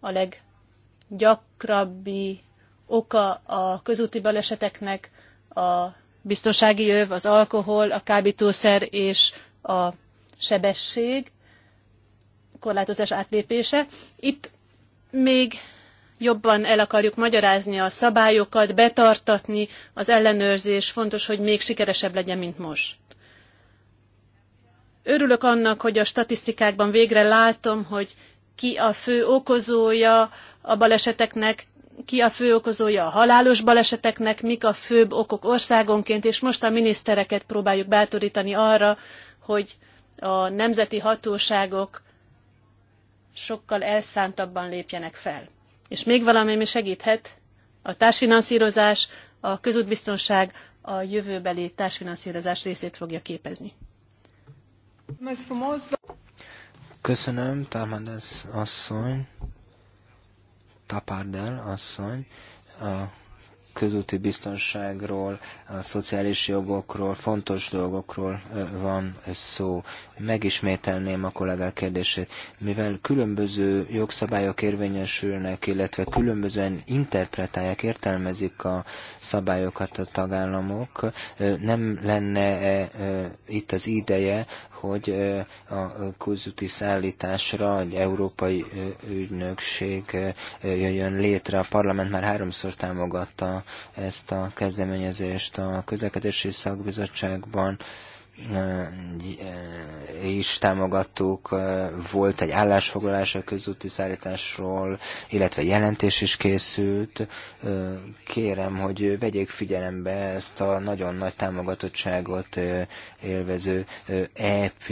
a leggyakrabbi oka a közúti baleseteknek a biztonsági öv, az alkohol, a kábítószer és a sebesség korlátozás átlépése. Itt még jobban el akarjuk magyarázni a szabályokat, betartatni az ellenőrzés, fontos, hogy még sikeresebb legyen, mint most. Örülök annak, hogy a statisztikákban végre látom, hogy ki a fő okozója a baleseteknek, ki a fő okozója a halálos baleseteknek, mik a főbb okok országonként, és most a minisztereket próbáljuk bátorítani arra, hogy a nemzeti hatóságok sokkal elszántabban lépjenek fel. És még valami, ami segíthet, a társfinanszírozás, a közútbiztonság a jövőbeli társfinanszírozás részét fogja képezni.
Köszönöm, Támadász asszony. Papardel asszony a közúti biztonságról, a szociális jogokról, fontos dolgokról van szó. Megismételném a kollégák kérdését. Mivel különböző jogszabályok érvényesülnek, illetve különbözően interpretálják, értelmezik a szabályokat a tagállamok, nem lenne -e itt az ideje, hogy a közúti szállításra egy európai ügynökség jöjjön létre. A parlament már háromszor támogatta ezt a kezdeményezést a közlekedési szakbizottságban is támogattuk, volt egy állásfoglalás a közúti szállításról, illetve jelentés is készült. Kérem, hogy vegyék figyelembe ezt a nagyon nagy támogatottságot élvező EP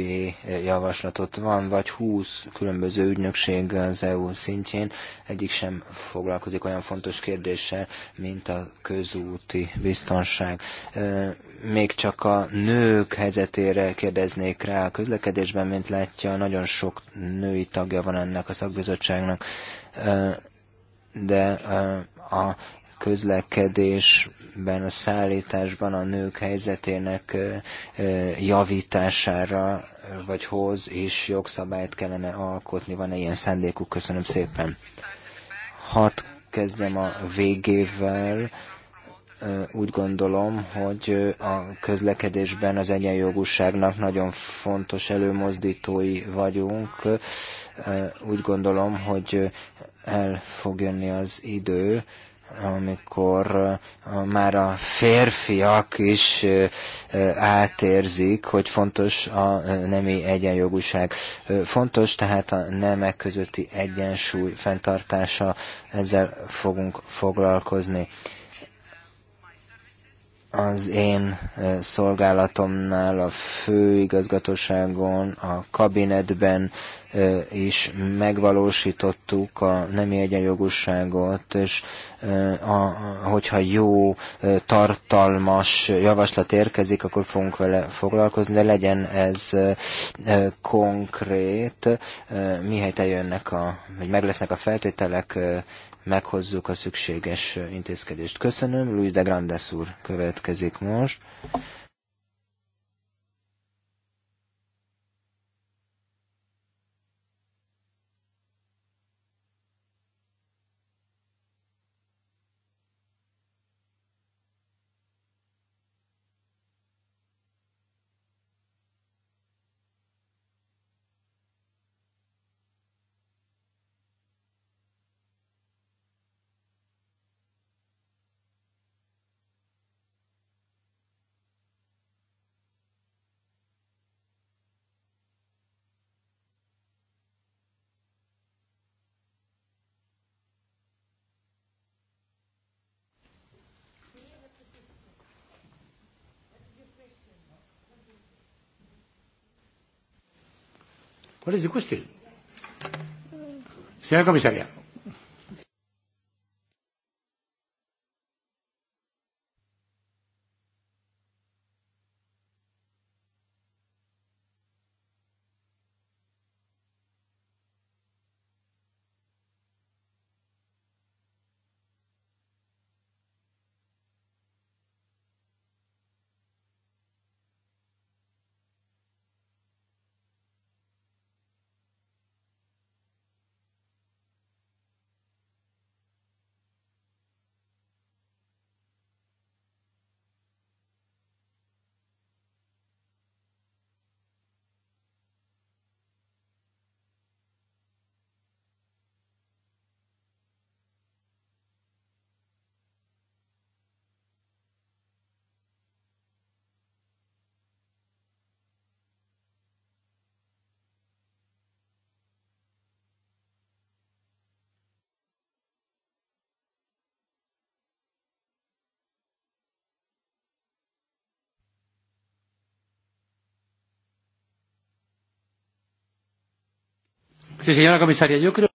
javaslatot. Van vagy 20 különböző ügynökség az EU szintjén, egyik sem foglalkozik olyan fontos kérdéssel, mint a közúti biztonság még csak a nők helyzetére kérdeznék rá a közlekedésben, mint látja, nagyon sok női tagja van ennek a szakbizottságnak, de a közlekedésben, a szállításban a nők helyzetének javítására vagy hoz is jogszabályt kellene alkotni. Van-e ilyen szándékuk? Köszönöm szépen. Hat kezdjem a végével úgy gondolom, hogy a közlekedésben az egyenjogúságnak nagyon fontos előmozdítói vagyunk. Úgy gondolom, hogy el fog jönni az idő, amikor már a férfiak is átérzik, hogy fontos a nemi egyenjogúság. Fontos tehát a nemek közötti egyensúly fenntartása, ezzel fogunk foglalkozni az én szolgálatomnál, a főigazgatóságon, a kabinetben is megvalósítottuk a nemi egyenjogúságot, és a, hogyha jó, tartalmas javaslat érkezik, akkor fogunk vele foglalkozni, de legyen ez konkrét, mihelyt eljönnek a, vagy meg lesznek a feltételek, meghozzuk a szükséges intézkedést. Köszönöm, Luis de Grandes úr következik most. ¿Cuál es de cuestión? Señora comisaria.
Sí, señora comisaria, yo creo...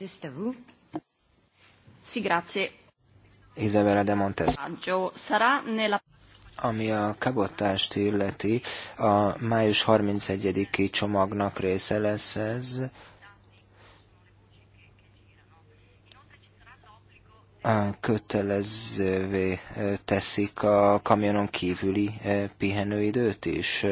Montez, a Sì, grazie.
Isabella de Montes.
Sarà nella
ami a kabotást illeti, a május 31-i csomagnak része lesz ez. Kötelezővé teszik a kamionon kívüli eh, pihenőidőt is.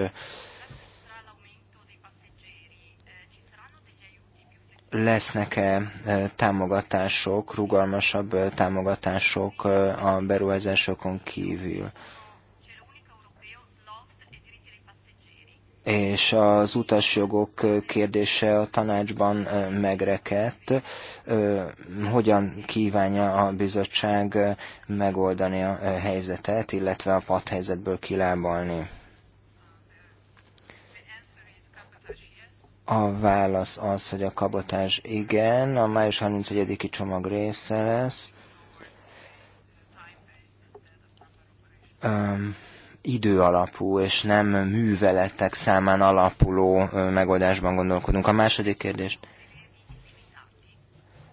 lesznek-e e, támogatások, rugalmasabb e, támogatások e, a beruházásokon kívül. és az utasjogok kérdése a tanácsban megrekedt. Hogyan kívánja a bizottság megoldani a helyzetet, illetve a padhelyzetből kilábalni? A válasz az, hogy a kabotás igen, a május 31-i csomag része lesz. Um, idő alapú és nem műveletek számán alapuló megoldásban gondolkodunk. A második kérdést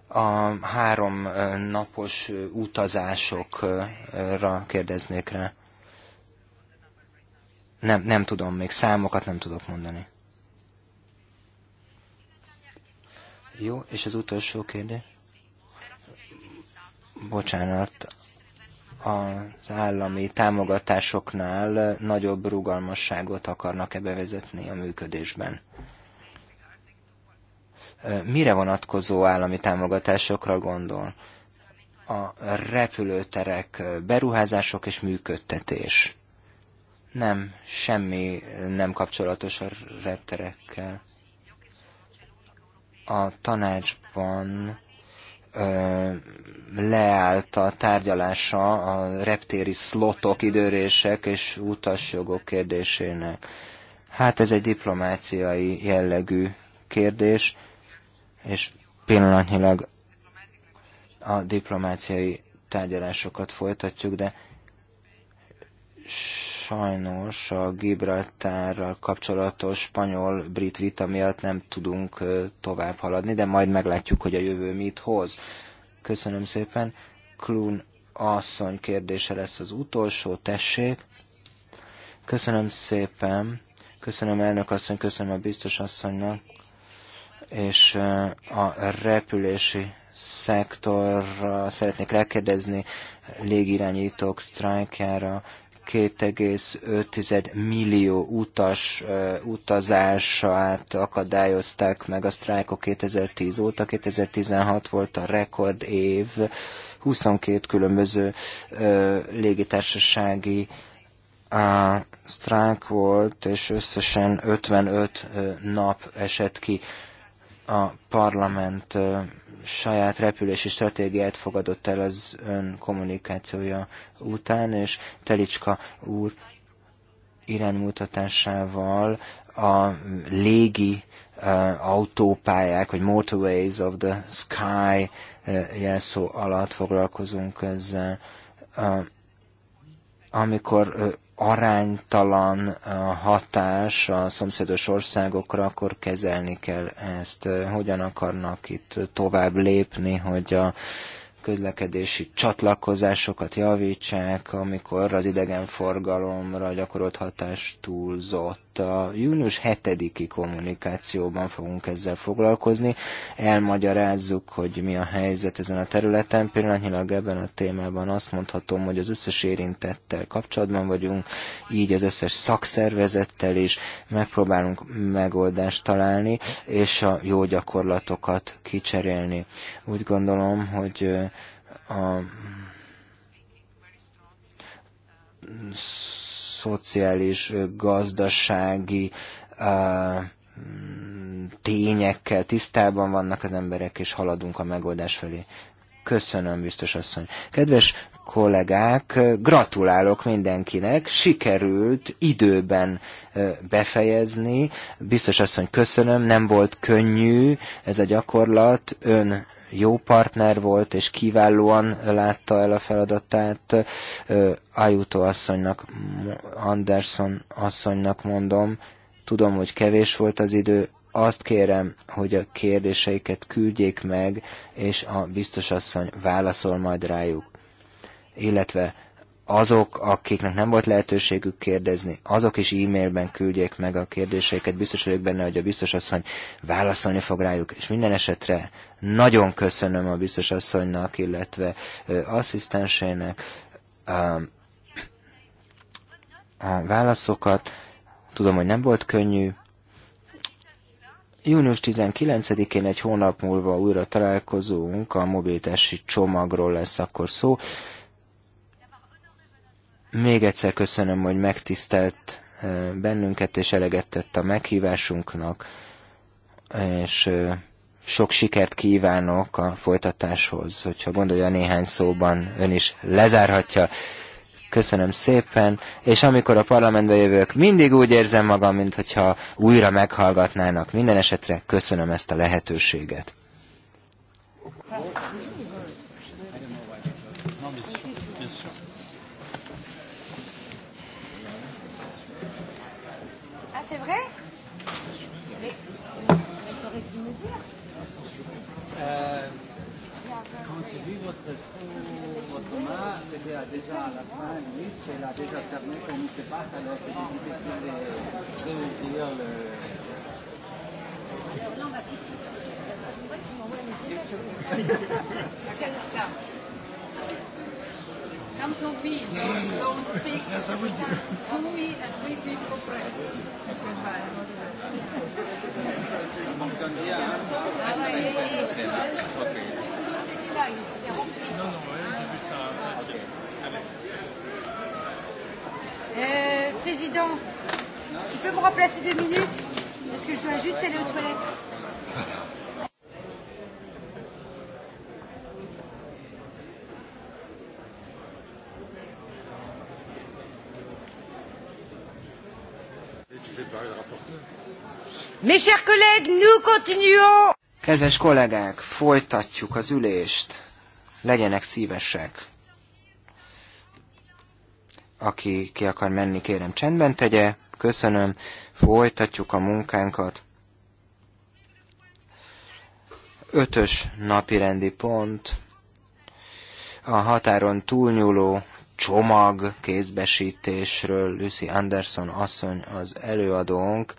a három napos utazásokra kérdeznék rá. Nem, nem tudom, még számokat nem tudok mondani. Jó, és az utolsó kérdés? Bocsánat, az állami támogatásoknál nagyobb rugalmasságot akarnak-e bevezetni a működésben? Mire vonatkozó állami támogatásokra gondol? a repülőterek beruházások és működtetés. Nem, semmi nem kapcsolatos a repterekkel a tanácsban ö, leállt a tárgyalása a reptéri szlotok, időrések és utasjogok kérdésének. Hát ez egy diplomáciai jellegű kérdés, és pillanatnyilag a diplomáciai tárgyalásokat folytatjuk, de sajnos a Gibraltárral kapcsolatos spanyol-brit vita miatt nem tudunk tovább haladni, de majd meglátjuk, hogy a jövő mit hoz. Köszönöm szépen. Klun asszony kérdése lesz az utolsó, tessék. Köszönöm szépen. Köszönöm elnök asszony, köszönöm a biztos asszonynak, és a repülési szektorra szeretnék rákérdezni légirányítók sztrájkjára, 2,5 millió utas utazását akadályozták meg a sztrájkok 2010 óta. 2016 volt a rekord év, 22 különböző légitársasági a sztrájk volt, és összesen 55 nap esett ki a parlament saját repülési stratégiát fogadott el az ön kommunikációja után, és Telicska úr iránymutatásával a légi uh, autópályák, vagy Motorways of the Sky uh, jelszó alatt foglalkozunk ezzel. Uh, amikor aránytalan hatás a szomszédos országokra, akkor kezelni kell ezt. Hogyan akarnak itt tovább lépni, hogy a közlekedési csatlakozásokat javítsák, amikor az idegenforgalomra gyakorolt hatás túlzott a június 7-i kommunikációban fogunk ezzel foglalkozni. Elmagyarázzuk, hogy mi a helyzet ezen a területen. Pillanatnyilag ebben a témában azt mondhatom, hogy az összes érintettel kapcsolatban vagyunk, így az összes szakszervezettel is megpróbálunk megoldást találni, és a jó gyakorlatokat kicserélni. Úgy gondolom, hogy a szociális, gazdasági mm, tényekkel tisztában vannak az emberek, és haladunk a megoldás felé. Köszönöm, biztos asszony. Kedves kollégák, gratulálok mindenkinek, sikerült időben befejezni. Biztos asszony, köszönöm, nem volt könnyű ez a gyakorlat, ön jó partner volt, és kiválóan látta el a feladatát. Ajutó asszonynak, Anderson asszonynak mondom, tudom, hogy kevés volt az idő, azt kérem, hogy a kérdéseiket küldjék meg, és a biztos asszony válaszol majd rájuk. Illetve azok, akiknek nem volt lehetőségük kérdezni, azok is e-mailben küldjék meg a kérdéseiket. Biztos vagyok benne, hogy a biztosasszony válaszolni fog rájuk, és minden esetre nagyon köszönöm a biztosasszonynak, illetve ö, asszisztensének a, um, a válaszokat. Tudom, hogy nem volt könnyű. Június 19-én egy hónap múlva újra találkozunk, a mobilitási csomagról lesz akkor szó. Még egyszer köszönöm, hogy megtisztelt bennünket, és eleget tett a meghívásunknak, és sok sikert kívánok a folytatáshoz, hogyha gondolja néhány szóban, ön is lezárhatja. Köszönöm szépen, és amikor a parlamentbe jövök, mindig úgy érzem magam, mintha újra meghallgatnának. Minden esetre köszönöm ezt a lehetőséget.
Köszönöm. c'est la désinternet qu'on ne sait pas, alors c'est difficile de réouvrir le. Come to me, don't, don't speak. Yes, I will do. To me and leave me for press. Goodbye. Non, non, ouais, j'ai vu ça. Okay. Euh, président, tu peux me remplacer deux minutes Parce que je dois juste aller aux toilettes. Mes chers collègues, nous continuons!
Kedves kollégák, folytatjuk az ülést. Legyenek szívesek. Aki ki akar menni, kérem csendben tegye. Köszönöm. Folytatjuk a munkánkat. Ötös napirendi pont. A határon túlnyúló csomag kézbesítésről Lucy Anderson asszony az előadónk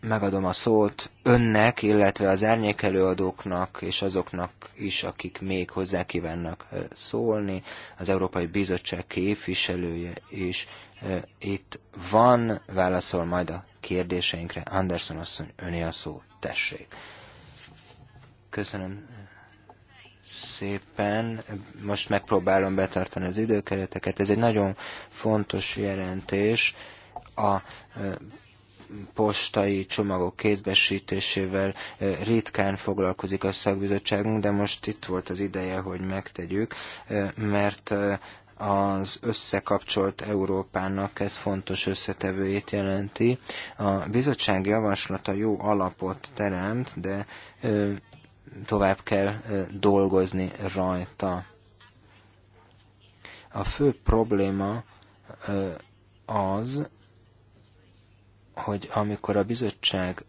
megadom a szót önnek, illetve az árnyékelőadóknak és azoknak is, akik még hozzá kívánnak szólni. Az Európai Bizottság képviselője is itt van, válaszol majd a kérdéseinkre. Anderson asszony, öné a szó, tessék. Köszönöm szépen. Most megpróbálom betartani az időkereteket. Ez egy nagyon fontos jelentés. A postai csomagok kézbesítésével ritkán foglalkozik a szakbizottságunk, de most itt volt az ideje, hogy megtegyük, mert az összekapcsolt Európának ez fontos összetevőjét jelenti. A bizottság javaslata jó alapot teremt, de tovább kell dolgozni rajta. A fő probléma az, hogy amikor a bizottság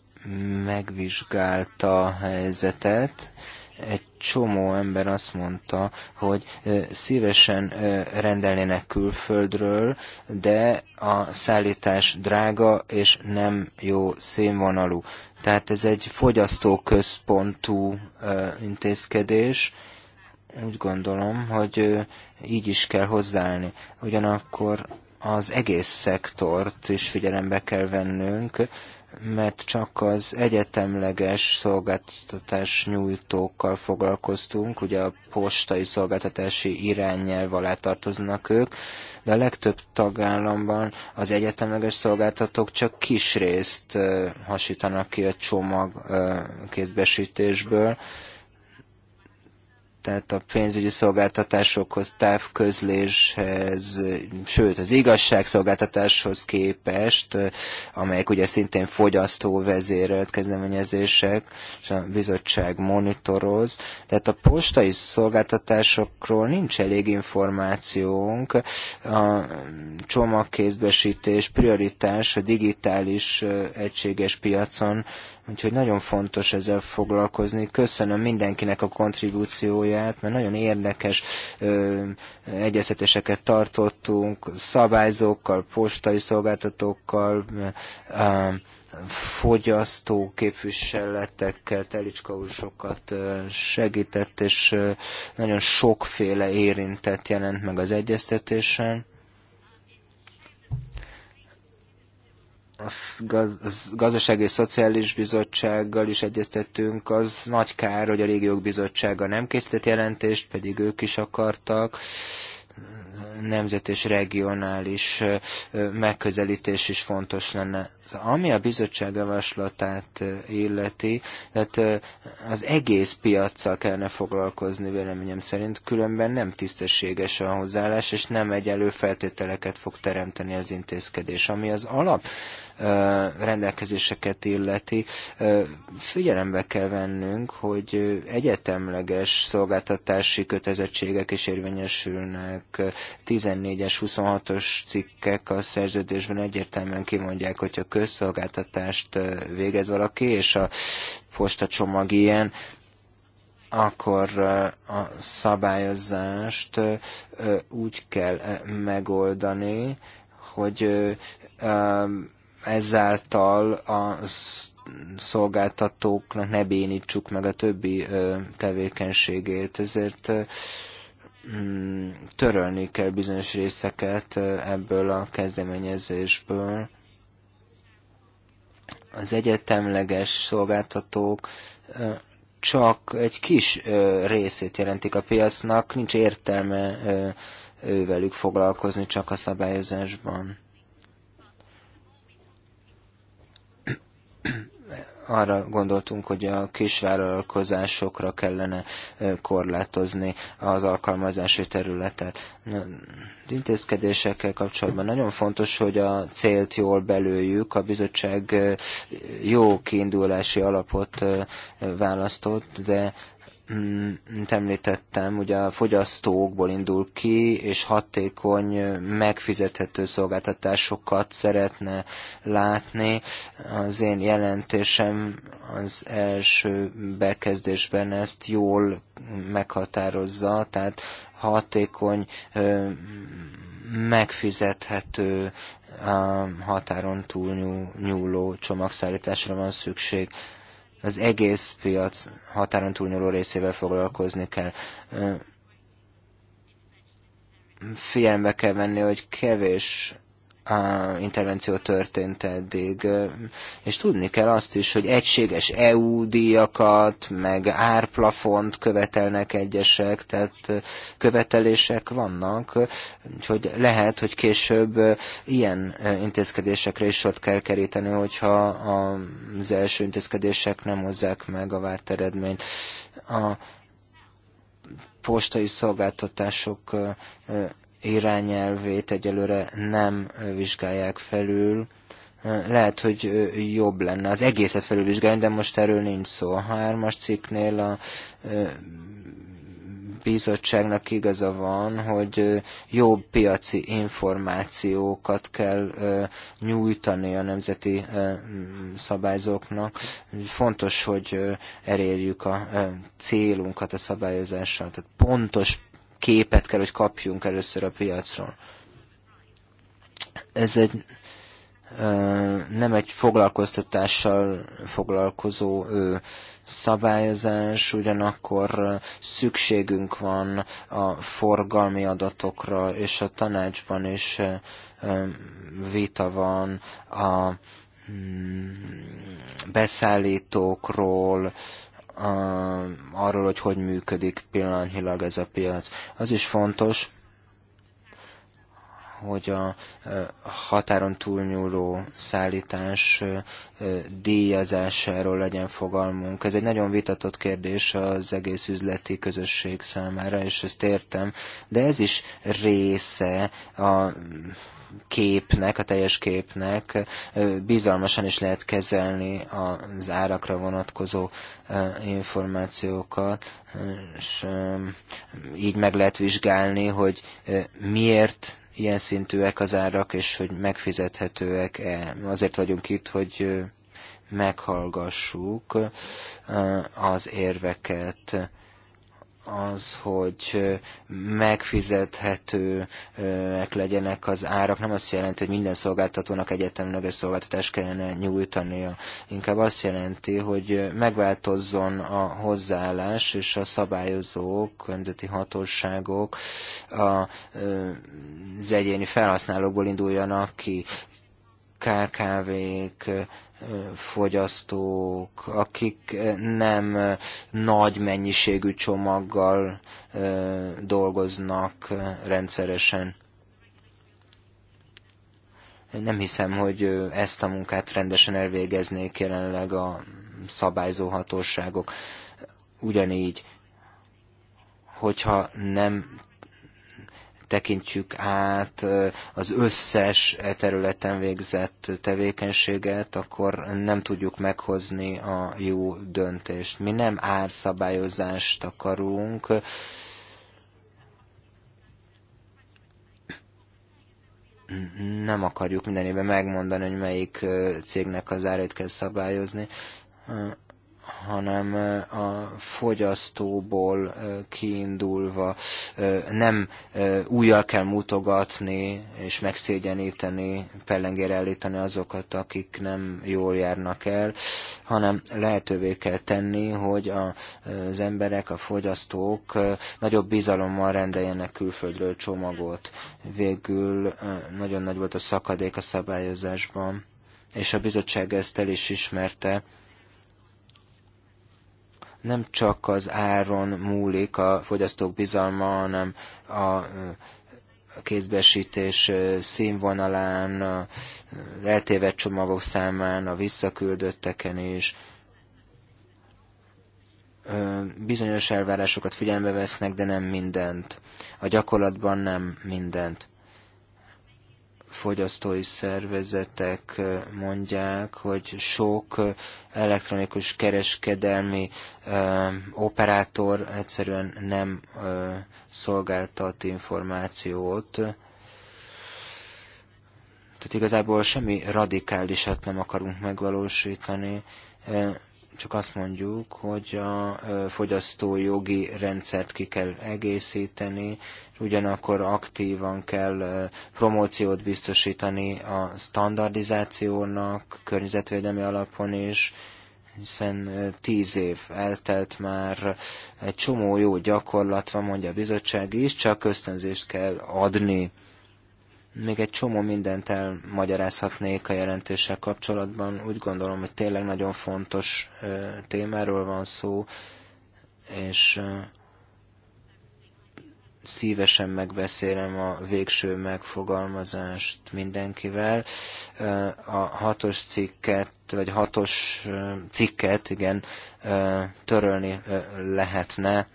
megvizsgálta a helyzetet, egy csomó ember azt mondta, hogy szívesen rendelnének külföldről, de a szállítás drága és nem jó színvonalú. Tehát ez egy fogyasztóközpontú intézkedés. Úgy gondolom, hogy így is kell hozzáállni. Ugyanakkor az egész szektort is figyelembe kell vennünk, mert csak az egyetemleges szolgáltatás nyújtókkal foglalkoztunk, ugye a postai szolgáltatási irányelv alá tartoznak ők, de a legtöbb tagállamban az egyetemleges szolgáltatók csak kis részt hasítanak ki a csomag kézbesítésből, tehát a pénzügyi szolgáltatásokhoz, távközléshez, sőt az igazságszolgáltatáshoz képest, amelyek ugye szintén fogyasztó vezérelt kezdeményezések, és a bizottság monitoroz. Tehát a postai szolgáltatásokról nincs elég információnk. A csomagkézbesítés prioritás a digitális egységes piacon Úgyhogy nagyon fontos ezzel foglalkozni. Köszönöm mindenkinek a kontribúcióját, mert nagyon érdekes ö, egyeztetéseket tartottunk szabályzókkal, postai szolgáltatókkal, ö, fogyasztó képviseletekkel, telicskausokat segített, és nagyon sokféle érintett jelent meg az egyeztetésen. a Gazdasági és Szociális Bizottsággal is egyeztettünk, az nagy kár, hogy a Régiók Bizottsága nem készített jelentést, pedig ők is akartak nemzet és regionális megközelítés is fontos lenne. Ami a bizottság javaslatát illeti, tehát az egész piaccal kellene foglalkozni véleményem szerint, különben nem tisztességes a hozzáállás, és nem egyelő feltételeket fog teremteni az intézkedés, ami az alap rendelkezéseket illeti, figyelembe kell vennünk, hogy egyetemleges szolgáltatási kötelezettségek is érvényesülnek. 14-es, 26-os cikkek a szerződésben egyértelműen kimondják, hogy a közszolgáltatást végez valaki, és a postacsomag ilyen, akkor a szabályozást úgy kell megoldani, hogy ezáltal a szolgáltatóknak ne bénítsuk meg a többi tevékenységét, ezért mm, törölni kell bizonyos részeket ebből a kezdeményezésből. Az egyetemleges szolgáltatók csak egy kis részét jelentik a piacnak, nincs értelme ővelük foglalkozni csak a szabályozásban. arra gondoltunk, hogy a kisvállalkozásokra kellene korlátozni az alkalmazási területet. Az intézkedésekkel kapcsolatban nagyon fontos, hogy a célt jól belőjük. A bizottság jó kiindulási alapot választott, de Mm, mint említettem, ugye a fogyasztókból indul ki, és hatékony, megfizethető szolgáltatásokat szeretne látni. Az én jelentésem az első bekezdésben ezt jól meghatározza, tehát hatékony, megfizethető, határon túl nyúló csomagszállításra van szükség az egész piac határon túlnyúló részével foglalkozni kell. Figyelembe kell venni, hogy kevés intervenció történt eddig. És tudni kell azt is, hogy egységes EU díjakat, meg árplafont követelnek egyesek, tehát követelések vannak, hogy lehet, hogy később ilyen intézkedésekre is ott kell keríteni, hogyha az első intézkedések nem hozzák meg a várt eredményt. A postai szolgáltatások irányelvét egyelőre nem vizsgálják felül. Lehet, hogy jobb lenne az egészet felülvizsgálni, de most erről nincs szó. A hármas cikknél a bizottságnak igaza van, hogy jobb piaci információkat kell nyújtani a nemzeti szabályzóknak. Fontos, hogy elérjük a célunkat a szabályozással, tehát pontos képet kell, hogy kapjunk először a piacról. Ez egy nem egy foglalkoztatással foglalkozó szabályozás, ugyanakkor szükségünk van a forgalmi adatokra, és a tanácsban is vita van a mm, beszállítókról, arról, hogy hogy működik pillanatnyilag ez a piac. Az is fontos, hogy a határon túlnyúló szállítás díjazásáról legyen fogalmunk. Ez egy nagyon vitatott kérdés az egész üzleti közösség számára, és ezt értem, de ez is része a képnek, a teljes képnek bizalmasan is lehet kezelni az árakra vonatkozó információkat, és így meg lehet vizsgálni, hogy miért ilyen szintűek az árak, és hogy megfizethetőek-e. Azért vagyunk itt, hogy meghallgassuk az érveket az, hogy megfizethetőek legyenek az árak, nem azt jelenti, hogy minden szolgáltatónak a szolgáltatást kellene nyújtania. Inkább azt jelenti, hogy megváltozzon a hozzáállás, és a szabályozók, nemzeti hatóságok az egyéni felhasználókból induljanak ki. KKV-k, fogyasztók, akik nem nagy mennyiségű csomaggal dolgoznak rendszeresen. Nem hiszem, hogy ezt a munkát rendesen elvégeznék jelenleg a szabályzó hatóságok. Ugyanígy, hogyha nem tekintjük át az összes e területen végzett tevékenységet, akkor nem tudjuk meghozni a jó döntést. Mi nem árszabályozást akarunk, nem akarjuk minden évben megmondani, hogy melyik cégnek az árét kell szabályozni, hanem a fogyasztóból kiindulva nem újjal kell mutogatni és megszégyeníteni, pellengére állítani azokat, akik nem jól járnak el, hanem lehetővé kell tenni, hogy az emberek, a fogyasztók nagyobb bizalommal rendeljenek külföldről csomagot. Végül nagyon nagy volt a szakadék a szabályozásban és a bizottság ezt el is ismerte, nem csak az áron múlik a fogyasztók bizalma, hanem a kézbesítés színvonalán, a eltévedt csomagok számán, a visszaküldötteken is. Bizonyos elvárásokat figyelembe vesznek, de nem mindent. A gyakorlatban nem mindent fogyasztói szervezetek eh, mondják, hogy sok eh, elektronikus kereskedelmi eh, operátor egyszerűen nem szolgáltat információt. Tehát igazából semmi radikálisat nem akarunk megvalósítani csak azt mondjuk, hogy a fogyasztói jogi rendszert ki kell egészíteni, ugyanakkor aktívan kell promóciót biztosítani a standardizációnak, környezetvédelmi alapon is, hiszen tíz év eltelt már, egy csomó jó gyakorlat van, mondja a bizottság is, csak ösztönzést kell adni még egy csomó mindent elmagyarázhatnék a jelentéssel kapcsolatban. Úgy gondolom, hogy tényleg nagyon fontos témáról van szó, és szívesen megbeszélem a végső megfogalmazást mindenkivel. A hatos cikket, vagy hatos cikket, igen, törölni lehetne,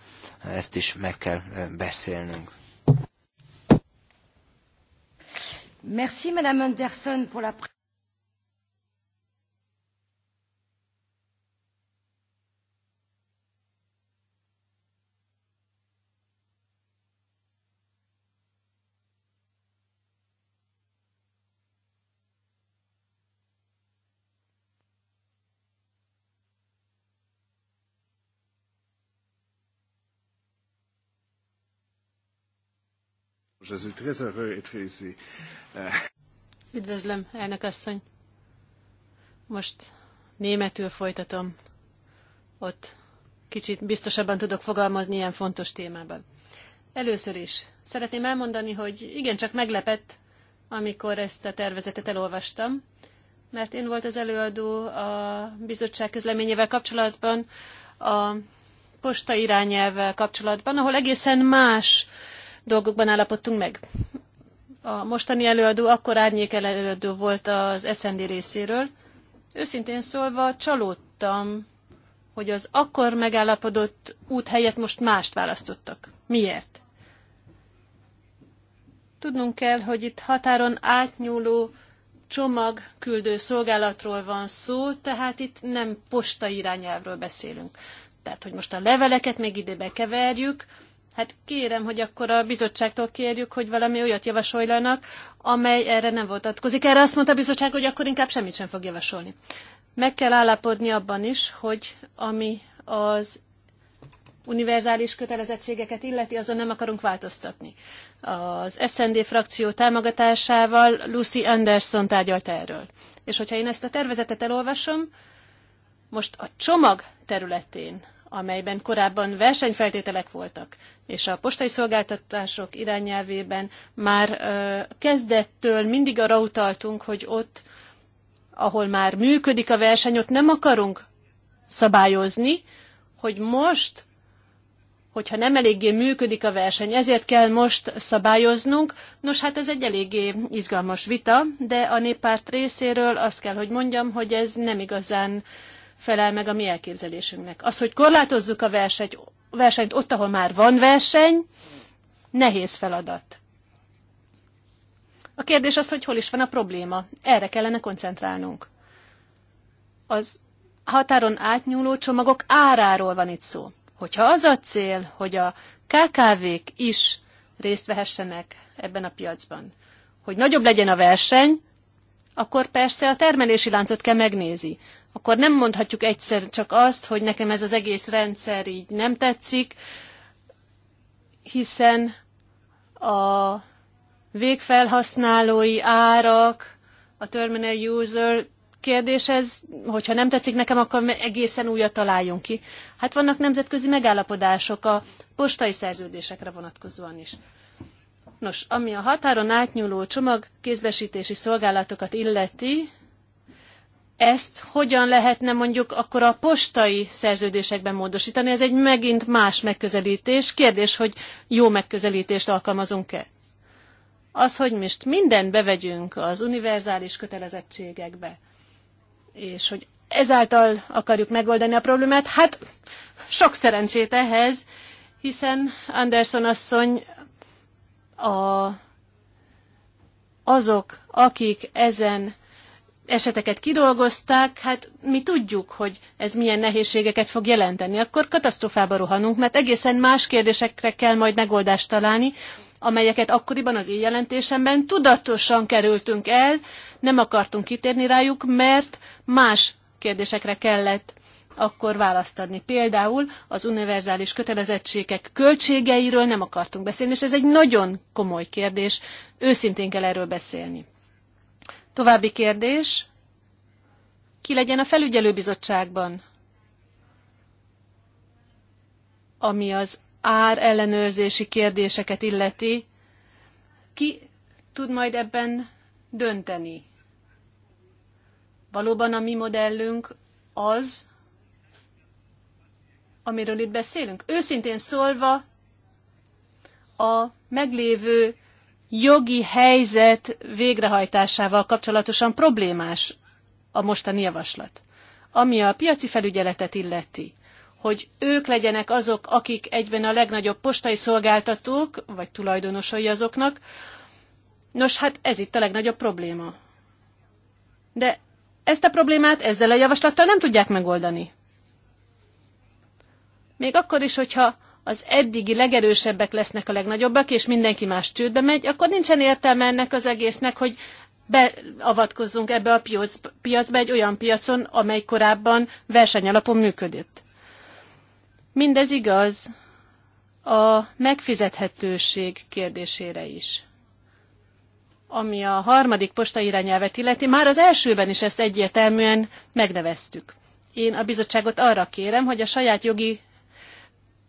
ezt is meg kell beszélnünk.
Merci Madame Anderson pour la Eh.
Üdvözlöm, elnök asszony. Most németül folytatom. Ott kicsit biztosabban tudok fogalmazni ilyen fontos témában. Először is szeretném elmondani, hogy igencsak meglepett, amikor ezt a tervezetet elolvastam, mert én volt az előadó a bizottság közleményével kapcsolatban, a posta irányelvvel kapcsolatban, ahol egészen más uh, dolgokban állapodtunk meg. A mostani előadó akkor árnyék előadó volt az SND részéről. Őszintén szólva csalódtam, hogy az akkor megállapodott út helyett most mást választottak. Miért? Tudnunk kell, hogy itt határon átnyúló csomagküldő szolgálatról van szó, tehát itt nem posta irányelvről beszélünk. Tehát, hogy most a leveleket még ide bekeverjük, Hát kérem, hogy akkor a bizottságtól kérjük, hogy valami olyat javasoljanak, amely erre nem vonatkozik. Erre azt mondta a bizottság, hogy akkor inkább semmit sem fog javasolni. Meg kell állapodni abban is, hogy ami az univerzális kötelezettségeket illeti, azon nem akarunk változtatni. Az SND frakció támogatásával Lucy Anderson tárgyalt erről. És hogyha én ezt a tervezetet elolvasom, most a csomag területén amelyben korábban versenyfeltételek voltak, és a postai szolgáltatások irányelvében már kezdettől mindig arra utaltunk, hogy ott, ahol már működik a verseny, ott nem akarunk szabályozni, hogy most, hogyha nem eléggé működik a verseny, ezért kell most szabályoznunk. Nos, hát ez egy eléggé izgalmas vita, de a néppárt részéről azt kell, hogy mondjam, hogy ez nem igazán uh, felel meg a mi elképzelésünknek. Az, hogy korlátozzuk a versenyt, versenyt ott, ahol már van verseny, nehéz feladat. A kérdés az, hogy hol is van a probléma. Erre kellene koncentrálnunk. Az határon átnyúló csomagok áráról van itt szó. Hogyha az a cél, hogy a KKV-k is részt vehessenek ebben a piacban, hogy nagyobb legyen a verseny, akkor persze a termelési láncot kell megnézi akkor nem mondhatjuk egyszer csak azt, hogy nekem ez az egész rendszer így nem tetszik, hiszen a végfelhasználói árak, a terminal user kérdés ez, hogyha nem tetszik nekem, akkor egészen újat találjunk ki. Hát vannak nemzetközi megállapodások a postai szerződésekre vonatkozóan is. Nos, ami a határon átnyúló csomag kézbesítési szolgálatokat illeti, ezt hogyan lehetne mondjuk akkor a postai szerződésekben módosítani? Ez egy megint más megközelítés. Kérdés, hogy jó megközelítést alkalmazunk-e? Az, hogy most mindent bevegyünk az univerzális kötelezettségekbe, és hogy ezáltal akarjuk megoldani a problémát, hát sok szerencsét ehhez, hiszen Anderson asszony a, azok, akik ezen eseteket kidolgozták, hát mi tudjuk, hogy ez milyen nehézségeket fog jelenteni. Akkor katasztrofába rohanunk, mert egészen más kérdésekre kell majd megoldást találni, amelyeket akkoriban az én jelentésemben tudatosan kerültünk el, nem akartunk kitérni rájuk, mert más kérdésekre kellett akkor választ adni. Például az univerzális kötelezettségek költségeiről nem akartunk beszélni, és ez egy nagyon komoly kérdés, őszintén kell erről beszélni. További kérdés, ki legyen a felügyelőbizottságban, ami az ár ellenőrzési kérdéseket illeti, ki tud majd ebben dönteni? Valóban a mi modellünk az, amiről itt beszélünk. Őszintén szólva, a meglévő jogi helyzet végrehajtásával kapcsolatosan problémás a mostani javaslat. Ami a piaci felügyeletet illeti, hogy ők legyenek azok, akik egyben a legnagyobb postai szolgáltatók, vagy tulajdonosai azoknak. Nos, hát ez itt a legnagyobb probléma. De ezt a problémát ezzel a javaslattal nem tudják megoldani. Még akkor is, hogyha az eddigi legerősebbek lesznek a legnagyobbak, és mindenki más csődbe megy, akkor nincsen értelme ennek az egésznek, hogy beavatkozzunk ebbe a piac, piacba egy olyan piacon, amely korábban versenyalapon működött. Mindez igaz a megfizethetőség kérdésére is ami a harmadik posta irányelvet illeti, már az elsőben is ezt egyértelműen megneveztük. Én a bizottságot arra kérem, hogy a saját jogi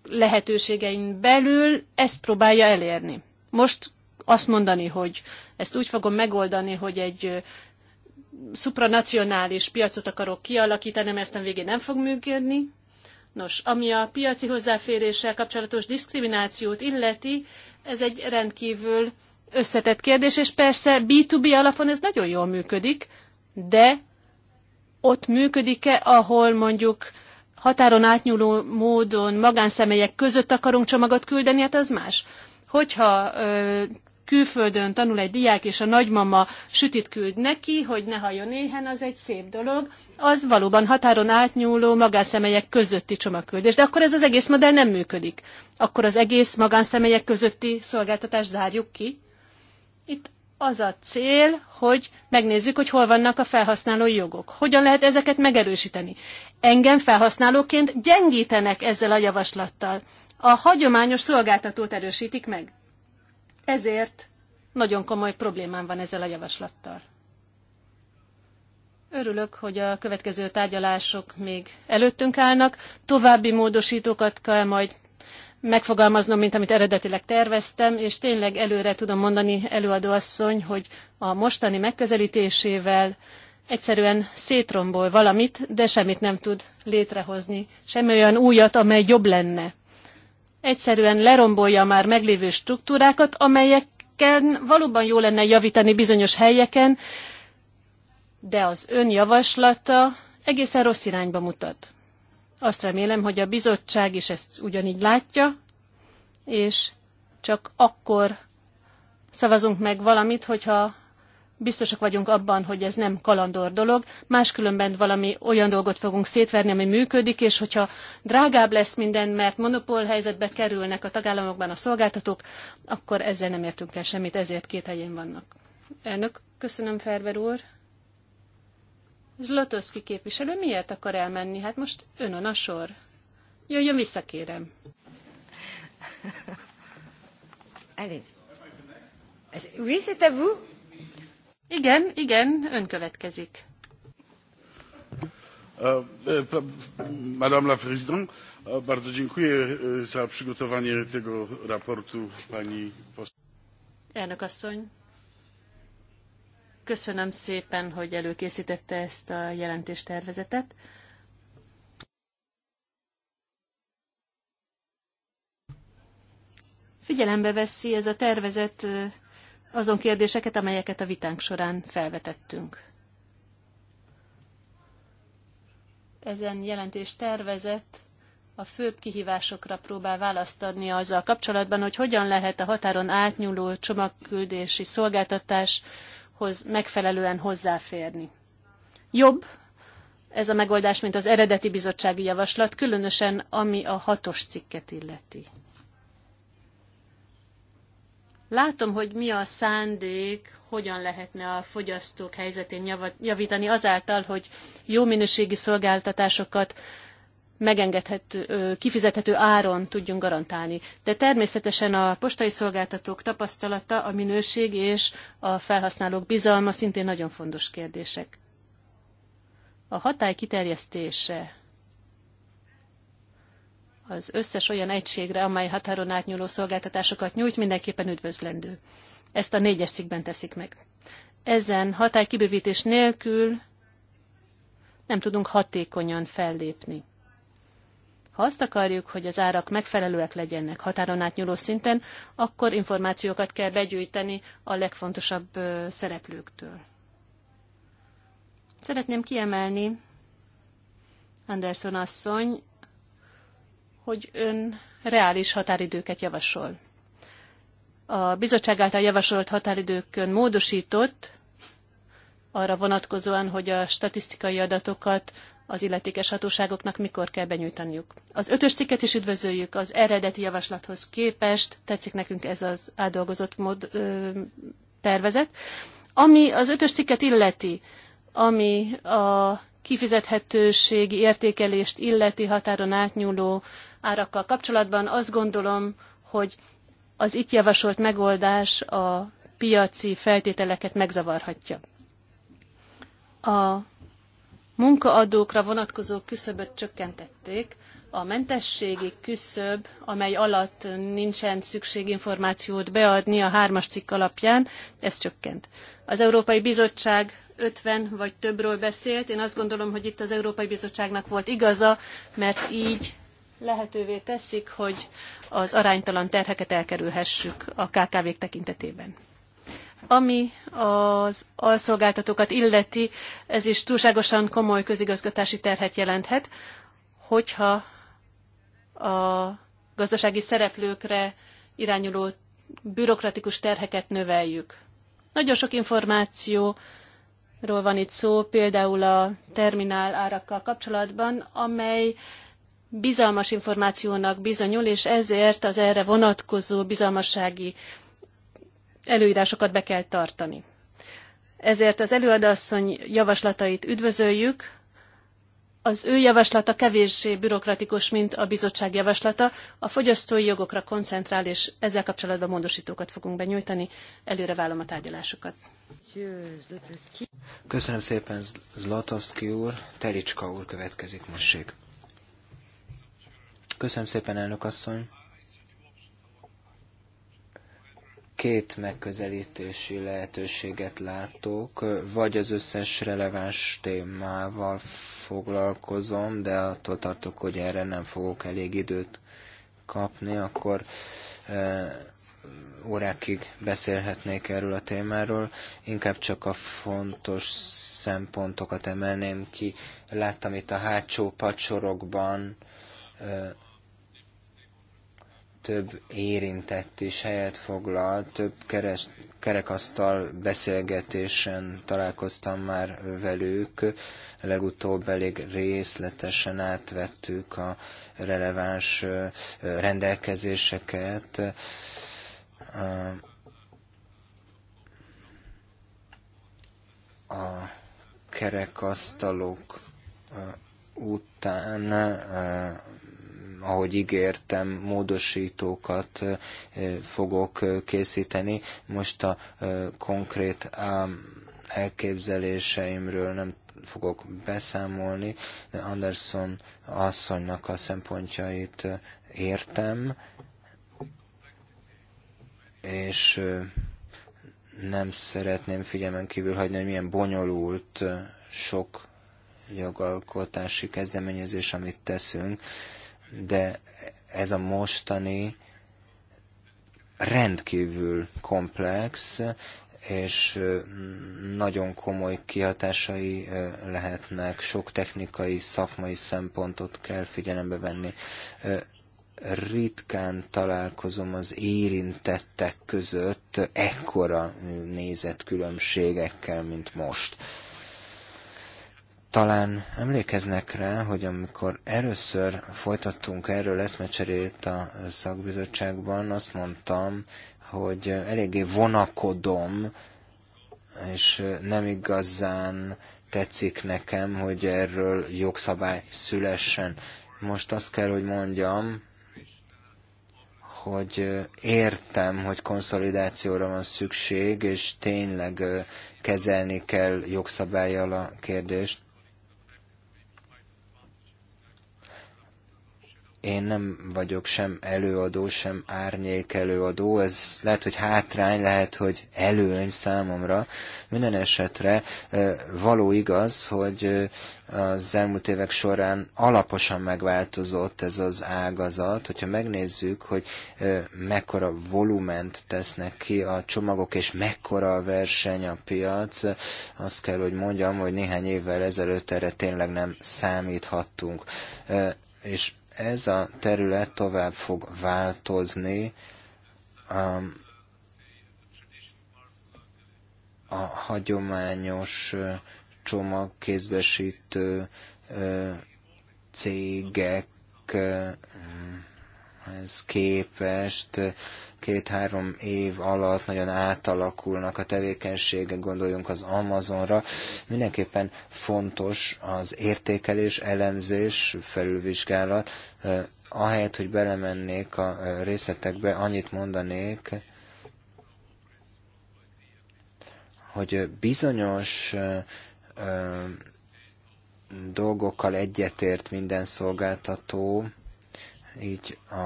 lehetőségein belül ezt próbálja elérni. Most azt mondani, hogy ezt úgy fogom megoldani, hogy egy supranacionális piacot akarok kialakítani, mert a végén nem fog működni. Nos, ami a piaci hozzáféréssel kapcsolatos diszkriminációt illeti, ez egy rendkívül összetett kérdés, és persze B2B alapon ez nagyon jól működik, de ott működik-e, ahol mondjuk határon átnyúló módon magánszemélyek között akarunk csomagot küldeni, hát az más. Hogyha ö, külföldön tanul egy diák, és a nagymama sütit küld neki, hogy ne hajjon éhen, az egy szép dolog. Az valóban határon átnyúló magánszemélyek közötti csomagküldés. De akkor ez az egész modell nem működik. Akkor az egész magánszemélyek közötti szolgáltatást zárjuk ki. Itt az a cél, hogy megnézzük, hogy hol vannak a felhasználói jogok. Hogyan lehet ezeket megerősíteni? Engem felhasználóként gyengítenek ezzel a javaslattal. A hagyományos szolgáltatót erősítik meg. Ezért nagyon komoly problémám van ezzel a javaslattal. Örülök, hogy a következő tárgyalások még előttünk állnak. További módosítókat kell majd megfogalmaznom, mint amit eredetileg terveztem, és tényleg előre tudom mondani előadóasszony, hogy a mostani megközelítésével egyszerűen szétrombol valamit, de semmit nem tud létrehozni, semmi olyan újat, amely jobb lenne. Egyszerűen lerombolja már meglévő struktúrákat, amelyeken valóban jó lenne javítani bizonyos helyeken, de az ön javaslata egészen rossz irányba mutat. Azt remélem, hogy a bizottság is ezt ugyanígy látja, és csak akkor szavazunk meg valamit, hogyha biztosak vagyunk abban, hogy ez nem kalandor dolog, máskülönben valami olyan dolgot fogunk szétverni, ami működik, és hogyha drágább lesz minden, mert monopól helyzetbe kerülnek a tagállamokban a szolgáltatók, akkor ezzel nem értünk el semmit, ezért két helyén vannak. Elnök, köszönöm Ferber úr. Zlotowski képviselő miért akar elmenni? Hát most ön a nasor. Jöjjön vissza, kérem. Allez. Oui, c'est à vous. Igen, igen, ön következik.
E, Madame la Présidente, bardzo dziękuję e, za przygotowanie tego raportu pani poseł.
Elnök asszony, Köszönöm szépen, hogy előkészítette ezt a jelentéstervezetet. Figyelembe veszi ez a tervezet azon kérdéseket, amelyeket a vitánk során felvetettünk. Ezen jelentés tervezett a főbb kihívásokra próbál választ adni azzal kapcsolatban, hogy hogyan lehet a határon átnyúló csomagküldési szolgáltatás hoz megfelelően hozzáférni. Jobb ez a megoldás, mint az eredeti bizottsági javaslat, különösen ami a hatos cikket illeti. Látom, hogy mi a szándék, hogyan lehetne a fogyasztók helyzetén javítani azáltal, hogy jó minőségi szolgáltatásokat megengedhető, kifizethető áron tudjunk garantálni. De természetesen a postai szolgáltatók tapasztalata, a minőség és a felhasználók bizalma szintén nagyon fontos kérdések. A hatály kiterjesztése az összes olyan egységre, amely határon átnyúló szolgáltatásokat nyújt, mindenképpen üdvözlendő. Ezt a négyes cikkben teszik meg. Ezen hatálykibővítés nélkül nem tudunk hatékonyan fellépni. Ha azt akarjuk, hogy az árak megfelelőek legyenek határon átnyúló szinten, akkor információkat kell begyűjteni a legfontosabb szereplőktől. Szeretném kiemelni, Anderson asszony, hogy ön reális határidőket javasol. A bizottság által javasolt határidőkön módosított, arra vonatkozóan, hogy a statisztikai adatokat az illetékes hatóságoknak mikor kell benyújtaniuk. Az ötös cikket is üdvözöljük, az eredeti javaslathoz képest tetszik nekünk ez az átdolgozott mód ö, tervezet. Ami az ötös cikket illeti, ami a kifizethetőségi értékelést illeti határon átnyúló árakkal kapcsolatban, azt gondolom, hogy az itt javasolt megoldás a piaci feltételeket megzavarhatja. A munkaadókra vonatkozó küszöböt csökkentették, a mentességi küszöb, amely alatt nincsen szükség információt beadni a hármas cikk alapján, ez csökkent. Az Európai Bizottság 50 vagy többről beszélt. Én azt gondolom, hogy itt az Európai Bizottságnak volt igaza, mert így lehetővé teszik, hogy az aránytalan terheket elkerülhessük a KKV-k tekintetében. Ami az alszolgáltatókat illeti, ez is túlságosan komoly közigazgatási terhet jelenthet, hogyha a gazdasági szereplőkre irányuló bürokratikus terheket növeljük. Nagyon sok információ van itt szó, például a terminál árakkal kapcsolatban, amely bizalmas információnak bizonyul, és ezért az erre vonatkozó bizalmassági előírásokat be kell tartani. Ezért az előadasszony javaslatait üdvözöljük. Az ő javaslata kevéssé bürokratikus, mint a bizottság javaslata. A fogyasztói jogokra koncentrál, és ezzel kapcsolatban módosítókat fogunk benyújtani. Előre vállom a tárgyalásokat.
Köszönöm szépen Zlatowski úr. Telicska úr következik mossék. Köszönöm szépen, elnök asszony. két megközelítési lehetőséget látok, vagy az összes releváns témával foglalkozom, de attól tartok, hogy erre nem fogok elég időt kapni, akkor e, órákig beszélhetnék erről a témáról, inkább csak a fontos szempontokat emelném ki. Láttam itt a hátsó pacsorokban e, több érintett is helyet foglal, több keres, kerekasztal beszélgetésen találkoztam már velük, legutóbb elég részletesen átvettük a releváns rendelkezéseket. A kerekasztalok után ahogy ígértem, módosítókat fogok készíteni. Most a konkrét elképzeléseimről nem fogok beszámolni, de Anderson asszonynak a szempontjait értem, és nem szeretném figyelmen kívül hagyni, hogy milyen bonyolult sok jogalkotási kezdeményezés, amit teszünk, de ez a mostani rendkívül komplex, és mm, nagyon komoly kihatásai lehetnek, sok technikai, szakmai szempontot kell figyelembe venni. Ritkán találkozom az érintettek között ekkora nézetkülönbségekkel, mint most. Talán emlékeznek rá, hogy amikor először folytattunk erről eszmecserét a szakbizottságban, azt mondtam, hogy eléggé vonakodom, és nem igazán tetszik nekem, hogy erről jogszabály szülessen. Most azt kell, hogy mondjam, hogy értem, hogy konszolidációra van szükség, és tényleg kezelni kell jogszabályjal a kérdést, Én nem vagyok sem előadó, sem árnyék előadó. Ez lehet, hogy hátrány, lehet, hogy előny számomra. Minden esetre való igaz, hogy az elmúlt évek során alaposan megváltozott ez az ágazat. Hogyha megnézzük, hogy mekkora volument tesznek ki a csomagok, és mekkora a verseny a piac, azt kell, hogy mondjam, hogy néhány évvel ezelőtt erre tényleg nem számíthattunk. És ez a terület tovább fog változni. Um, a hagyományos csomagkézbesítő cégek mm, ez képest két-három év alatt nagyon átalakulnak a tevékenységek, gondoljunk az Amazonra. Mindenképpen fontos az értékelés, elemzés, felülvizsgálat. Ahelyett, hogy belemennék a részletekbe, annyit mondanék, hogy bizonyos dolgokkal egyetért minden szolgáltató, így a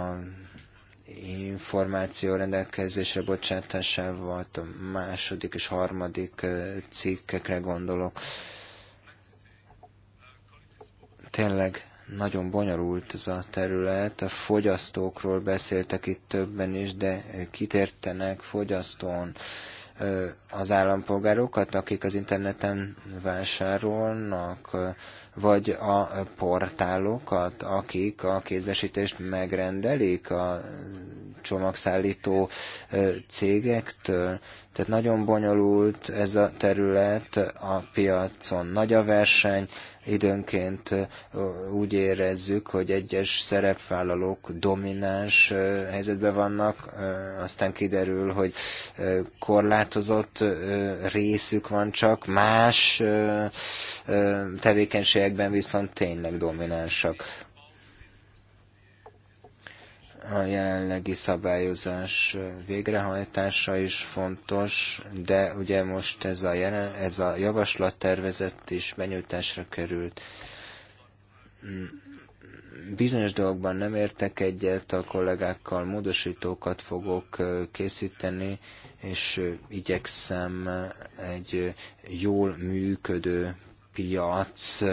információ rendelkezésre bocsátásával, a második és harmadik cikkekre gondolok. Tényleg nagyon bonyolult ez a terület. A fogyasztókról beszéltek itt többen is, de kitértenek fogyasztón az állampolgárokat, akik az interneten vásárolnak, vagy a portálokat, akik a kézbesítést megrendelik a csomagszállító cégektől. Tehát nagyon bonyolult ez a terület, a piacon nagy a verseny, időnként úgy érezzük, hogy egyes szerepvállalók domináns helyzetben vannak, aztán kiderül, hogy korlátozott részük van csak, más tevékenységek amelyekben viszont tényleg dominánsak. A jelenlegi szabályozás végrehajtása is fontos, de ugye most ez a, jelen, ez a javaslattervezet is benyújtásra került bizonyos dolgokban nem értek egyet, a kollégákkal módosítókat fogok készíteni, és igyekszem egy jól működő piac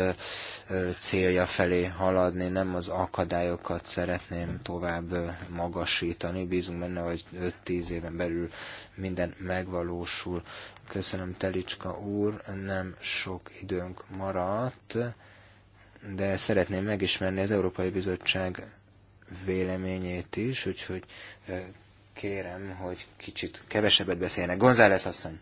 célja felé haladni, nem az akadályokat szeretném tovább magasítani. Bízunk benne, hogy 5-10 éven belül minden megvalósul. Köszönöm, Telicska úr, nem sok időnk maradt, de szeretném megismerni az Európai Bizottság véleményét is, úgyhogy kérem, hogy kicsit kevesebbet beszéljenek. González asszony!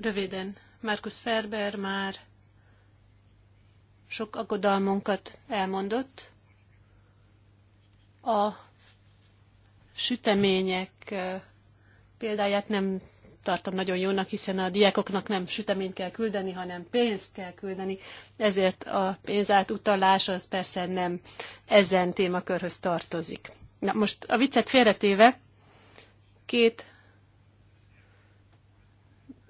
Röviden, Markus Ferber már sok aggodalmunkat elmondott. A sütemények eh, példáját nem tartom nagyon jónak, hiszen a diákoknak nem süteményt kell küldeni, hanem pénzt kell küldeni, ezért a pénzátutalás az persze nem ezen témakörhöz tartozik. Na most a viccet félretéve két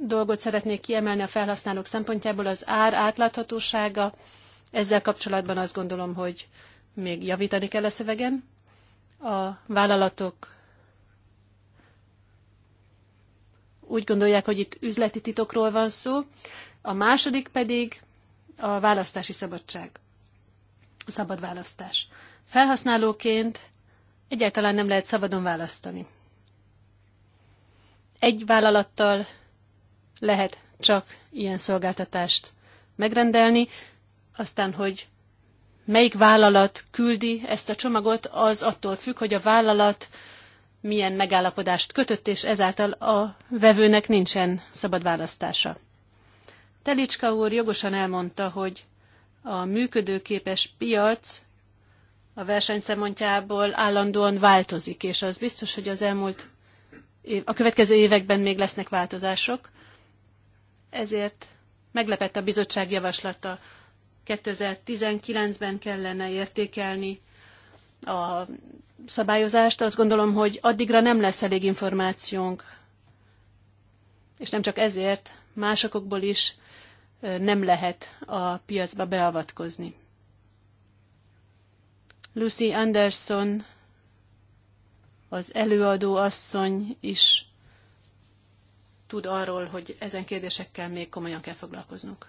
dolgot szeretnék kiemelni a felhasználók szempontjából, az ár átláthatósága. Ezzel kapcsolatban azt gondolom, hogy még javítani kell a szövegen. A vállalatok úgy gondolják, hogy itt üzleti titokról van szó, a második pedig a választási szabadság, a szabad választás. Felhasználóként egyáltalán nem lehet szabadon választani. Egy vállalattal lehet csak ilyen szolgáltatást megrendelni, aztán, hogy melyik vállalat küldi ezt a csomagot, az attól függ, hogy a vállalat milyen megállapodást kötött, és ezáltal a vevőnek nincsen szabad választása. Telicska úr jogosan elmondta, hogy a működőképes piac a verseny szempontjából állandóan változik, és az biztos, hogy az elmúlt év, a következő években még lesznek változások ezért meglepett a bizottság javaslata. 2019-ben kellene értékelni a szabályozást. Azt gondolom, hogy addigra nem lesz elég információnk, és nem csak ezért, másokból is nem lehet a piacba beavatkozni. Lucy Anderson, az előadó asszony is tud arról, hogy ezen kérdésekkel még komolyan kell foglalkoznunk.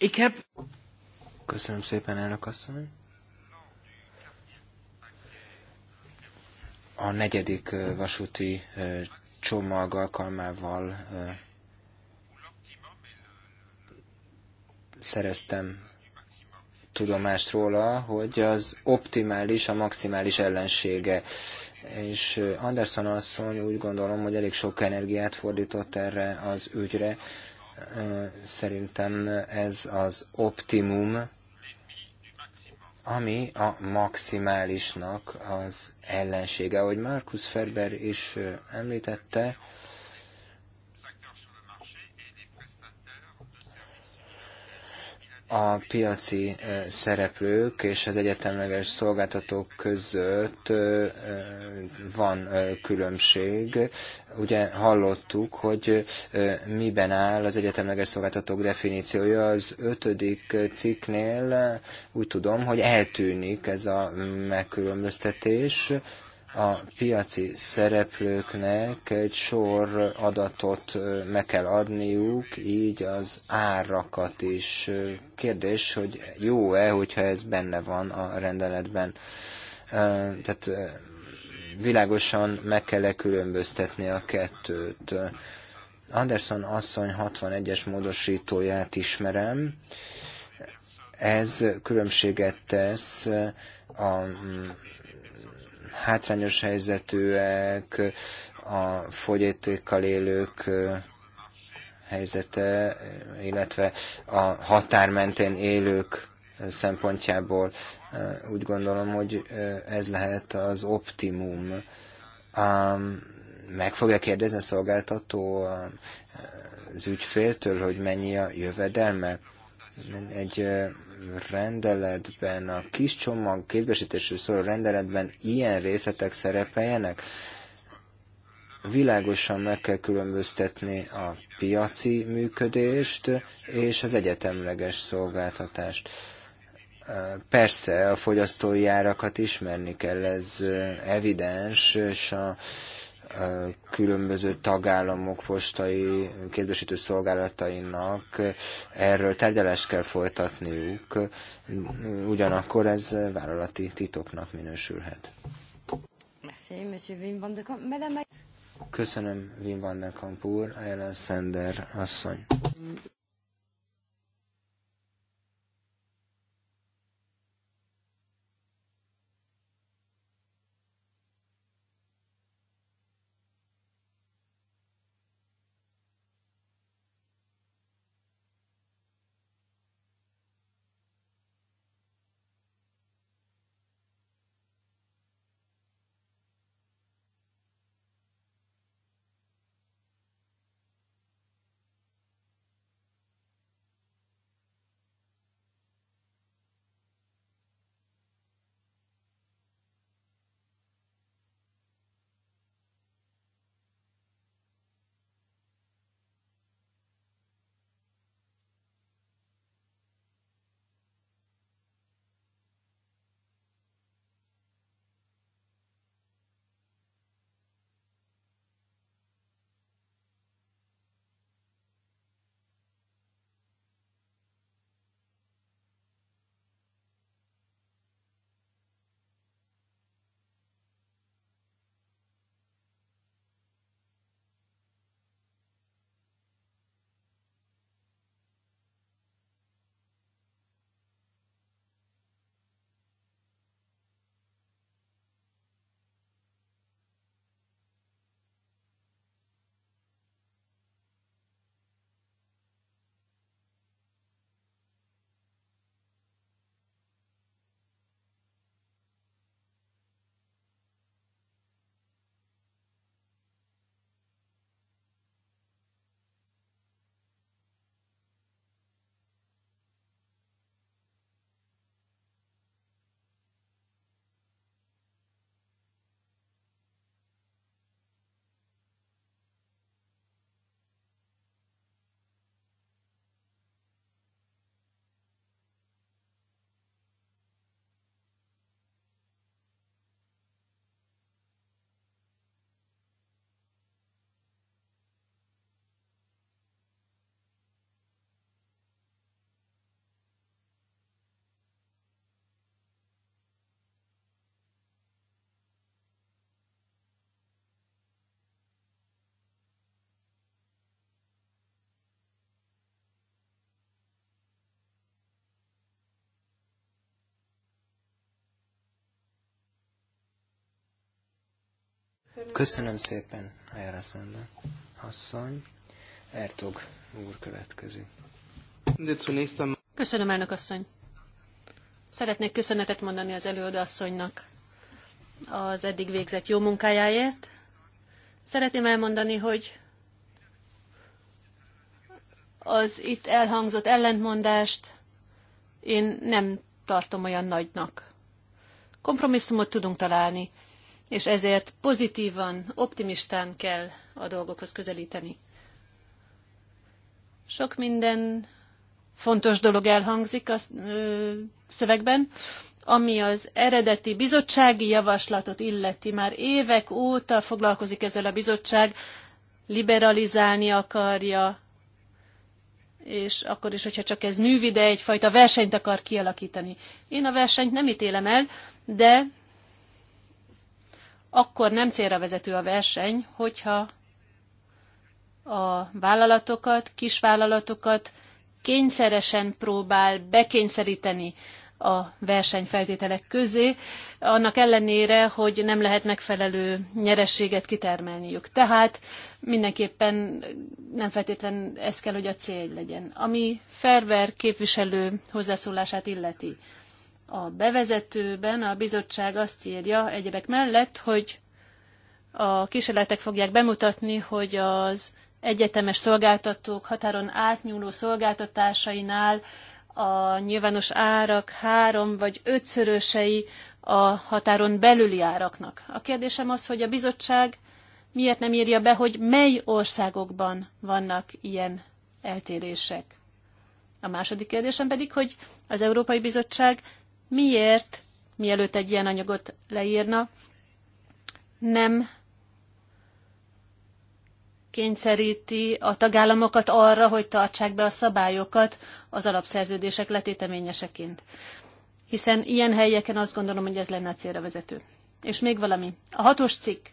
Ik heb...
Köszönöm szépen, elnök asszony. A negyedik vasúti csomag alkalmával szereztem tudomást róla, hogy az optimális, a maximális ellensége. És Anderson asszony úgy gondolom, hogy elég sok energiát fordított erre az ügyre, Szerintem ez az optimum, ami a maximálisnak az ellensége. Ahogy Markus Ferber is említette, a piaci e, szereplők és az egyetemleges szolgáltatók között e, van e, különbség. Ugye hallottuk, hogy miben áll az egyetemleges szolgáltatók definíciója. Az ötödik cikknél úgy tudom, hogy eltűnik ez a megkülönböztetés a piaci szereplőknek egy sor adatot meg kell adniuk, így az árakat is. Kérdés, hogy jó-e, hogyha ez benne van a rendeletben. Tehát világosan meg kell -e különböztetni a kettőt. Anderson asszony 61-es módosítóját ismerem. Ez különbséget tesz a hátrányos helyzetűek, a fogyatékkal élők helyzete, illetve a határ mentén élők szempontjából úgy gondolom, hogy ez lehet az optimum. Meg fogja kérdezni a szolgáltató az ügyféltől, hogy mennyi a jövedelme. Egy rendeletben, a kis csomag kézbesítésről szóló rendeletben ilyen részletek szerepeljenek? Világosan meg kell különböztetni a piaci működést és az egyetemleges szolgáltatást. Persze a fogyasztói árakat ismerni kell, ez evidens, és a különböző tagállamok postai kézbesítő szolgálatainak erről tárgyalást kell folytatniuk, ugyanakkor ez vállalati titoknak minősülhet. Köszönöm, Wim van de Kampur, Ellen Sender asszony. Köszönöm szépen, Ajara Szenda. Asszony, Ertog úr következik.
Köszönöm, elnök asszony. Szeretnék köszönetet mondani az előadó asszonynak az eddig végzett jó munkájáért. Szeretném elmondani, hogy az itt elhangzott ellentmondást én nem tartom olyan nagynak. Kompromisszumot tudunk találni, és ezért pozitívan, optimistán kell a dolgokhoz közelíteni. Sok minden fontos dolog elhangzik a szövegben, ami az eredeti bizottsági javaslatot illeti. Már évek óta foglalkozik ezzel a bizottság, liberalizálni akarja, és akkor is, hogyha csak ez művide, egyfajta versenyt akar kialakítani. Én a versenyt nem ítélem el, de akkor nem célra vezető a verseny, hogyha a vállalatokat, kisvállalatokat kényszeresen próbál bekényszeríteni a versenyfeltételek közé, annak ellenére, hogy nem lehet megfelelő nyerességet kitermelniük. Tehát mindenképpen nem feltétlen ez kell, hogy a cél legyen. Ami Ferver képviselő hozzászólását illeti. A bevezetőben a bizottság azt írja egyebek mellett, hogy a kísérletek fogják bemutatni, hogy az egyetemes szolgáltatók határon átnyúló szolgáltatásainál a nyilvános árak három vagy ötszörösei a határon belüli áraknak. A kérdésem az, hogy a bizottság miért nem írja be, hogy mely országokban vannak ilyen eltérések. A második kérdésem pedig, hogy az Európai Bizottság miért, mielőtt egy ilyen anyagot leírna, nem kényszeríti a tagállamokat arra, hogy tartsák be a szabályokat az alapszerződések letéteményeseként. Hiszen ilyen helyeken azt gondolom, hogy ez lenne a célra vezető. És még valami. A hatos cikk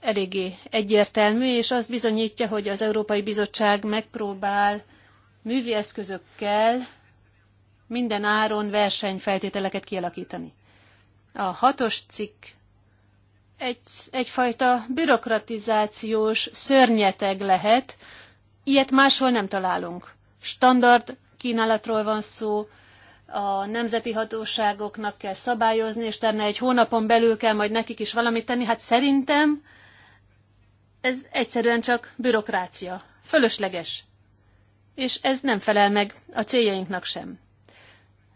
eléggé egyértelmű, és azt bizonyítja, hogy az Európai Bizottság megpróbál művi eszközökkel minden áron versenyfeltételeket kialakítani. A hatos cikk egy, egyfajta bürokratizációs szörnyeteg lehet, ilyet máshol nem találunk. Standard kínálatról van szó, a nemzeti hatóságoknak kell szabályozni, és terne egy hónapon belül kell majd nekik is valamit tenni. Hát szerintem ez egyszerűen csak bürokrácia. Fölösleges. És ez nem felel meg a céljainknak sem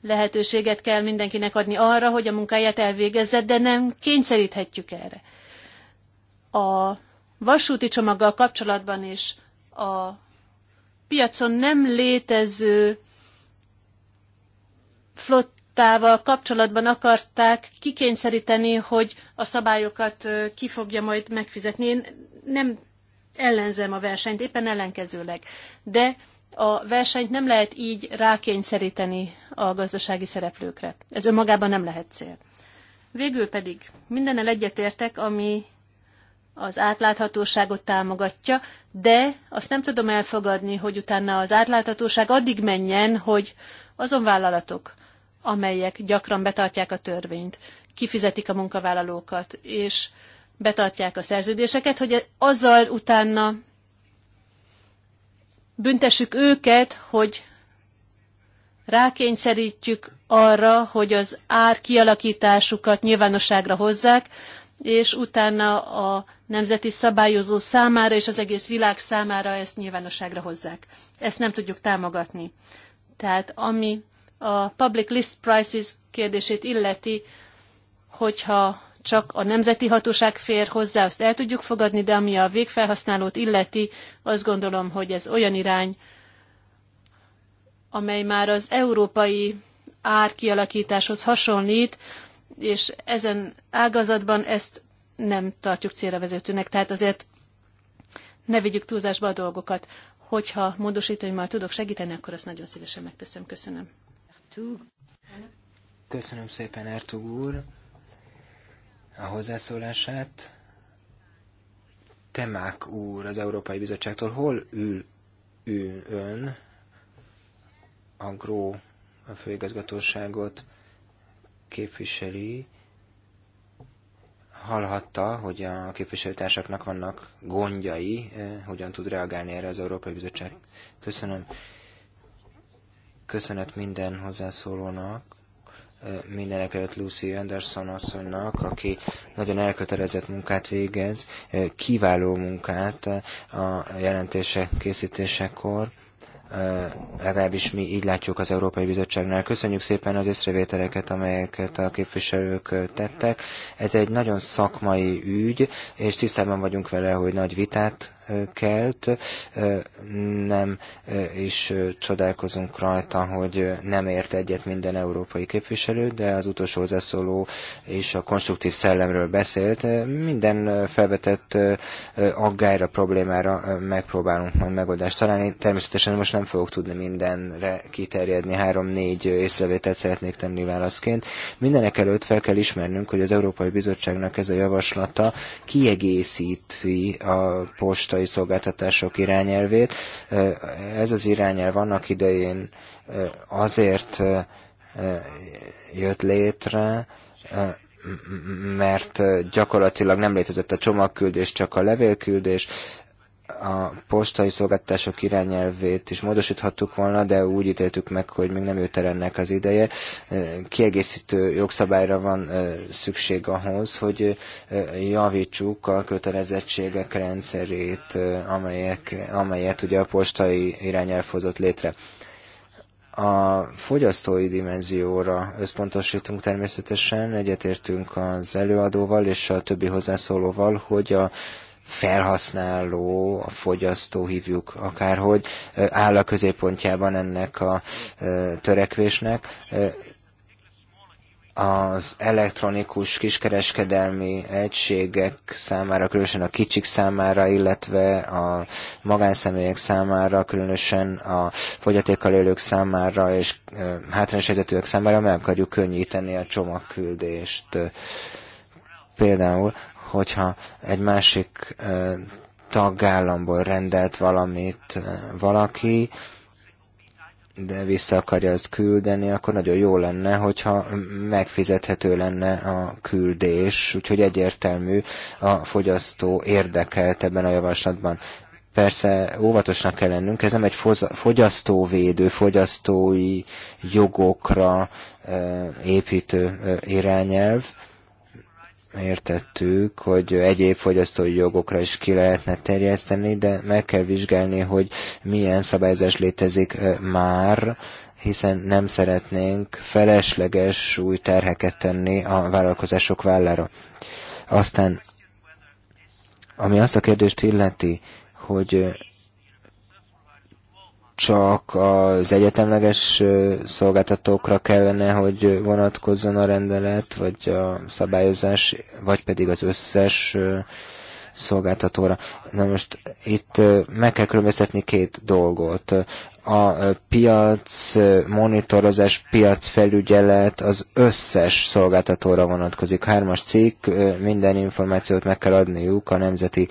lehetőséget kell mindenkinek adni arra, hogy a munkáját elvégezze, de nem kényszeríthetjük erre. A vasúti csomaggal kapcsolatban is a piacon nem létező flottával kapcsolatban akarták kikényszeríteni, hogy a szabályokat ki fogja majd megfizetni. Én nem ellenzem a versenyt, éppen ellenkezőleg. De a versenyt nem lehet így rákényszeríteni a gazdasági szereplőkre. Ez önmagában nem lehet cél. Végül pedig mindennel egyetértek, ami az átláthatóságot támogatja, de azt nem tudom elfogadni, hogy utána az átláthatóság addig menjen, hogy azon vállalatok, amelyek gyakran betartják a törvényt, kifizetik a munkavállalókat, és betartják a szerződéseket, hogy azzal utána büntessük őket, hogy rákényszerítjük arra, hogy az ár kialakításukat nyilvánosságra hozzák, és utána a nemzeti szabályozó számára és az egész világ számára ezt nyilvánosságra hozzák. Ezt nem tudjuk támogatni. Tehát ami a public list prices kérdését illeti, hogyha csak a nemzeti hatóság fér hozzá, azt el tudjuk fogadni, de ami a végfelhasználót illeti, azt gondolom, hogy ez olyan irány, amely már az európai árkialakításhoz hasonlít, és ezen ágazatban ezt nem tartjuk célra vezetőnek, tehát azért ne vigyük túlzásba a dolgokat. Hogyha módosítóimmal tudok segíteni, akkor azt nagyon szívesen megteszem. Köszönöm.
Köszönöm szépen, Ertug úr a hozzászólását. Temák úr az Európai Bizottságtól hol ül, ül ön a GRO a főigazgatóságot képviseli, hallhatta, hogy a képviselőtársaknak vannak gondjai, eh, hogyan tud reagálni erre az Európai Bizottság. Köszönöm. Köszönet minden hozzászólónak mindenek előtt Lucy Anderson asszonynak, aki nagyon elkötelezett munkát végez, kiváló munkát a jelentése készítésekor legalábbis mi így látjuk az Európai Bizottságnál. Köszönjük szépen az észrevételeket, amelyeket a képviselők tettek. Ez egy nagyon szakmai ügy, és tisztában vagyunk vele, hogy nagy vitát kelt. Nem is csodálkozunk rajta, hogy nem ért egyet minden európai képviselő, de az utolsó hozzászóló és a konstruktív szellemről beszélt. Minden felvetett aggályra, problémára megpróbálunk majd megoldást találni. Természetesen most nem fogok tudni mindenre kiterjedni, három-négy észrevételt szeretnék tenni válaszként. Mindenek előtt fel kell ismernünk, hogy az Európai Bizottságnak ez a javaslata kiegészíti a postai szolgáltatások irányelvét. Ez az irányelv annak idején azért jött létre, mert gyakorlatilag nem létezett a csomagküldés, csak a levélküldés, a postai szolgáltatások irányelvét is módosíthattuk volna, de úgy ítéltük meg, hogy még nem jött el ennek az ideje. Kiegészítő jogszabályra van szükség ahhoz, hogy javítsuk a kötelezettségek rendszerét, amelyek, amelyet ugye a postai irányelv hozott létre. A fogyasztói dimenzióra összpontosítunk természetesen, egyetértünk az előadóval és a többi hozzászólóval, hogy a felhasználó, a fogyasztó hívjuk akárhogy, áll a középpontjában ennek a törekvésnek. Az elektronikus kiskereskedelmi egységek számára, különösen a kicsik számára, illetve a magánszemélyek számára, különösen a fogyatékkal élők számára és hátrányos helyzetűek számára meg akarjuk könnyíteni a csomagküldést például hogyha egy másik tagállamból rendelt valamit valaki, de vissza akarja azt küldeni, akkor nagyon jó lenne, hogyha megfizethető lenne a küldés, úgyhogy egyértelmű a fogyasztó érdekelt ebben a javaslatban. Persze óvatosnak kell lennünk, ez nem egy fogyasztóvédő, fogyasztói jogokra építő irányelv, értettük, hogy egyéb fogyasztói jogokra is ki lehetne terjeszteni, de meg kell vizsgálni, hogy milyen szabályozás létezik már, hiszen nem szeretnénk felesleges új terheket tenni a vállalkozások vállára. Aztán, ami azt a kérdést illeti, hogy csak az egyetemleges szolgáltatókra kellene, hogy vonatkozzon a rendelet, vagy a szabályozás, vagy pedig az összes szolgáltatóra. Na most itt meg kell különböztetni két dolgot. A piac monitorozás, piacfelügyelet az összes szolgáltatóra vonatkozik. Hármas cikk, minden információt meg kell adniuk a nemzeti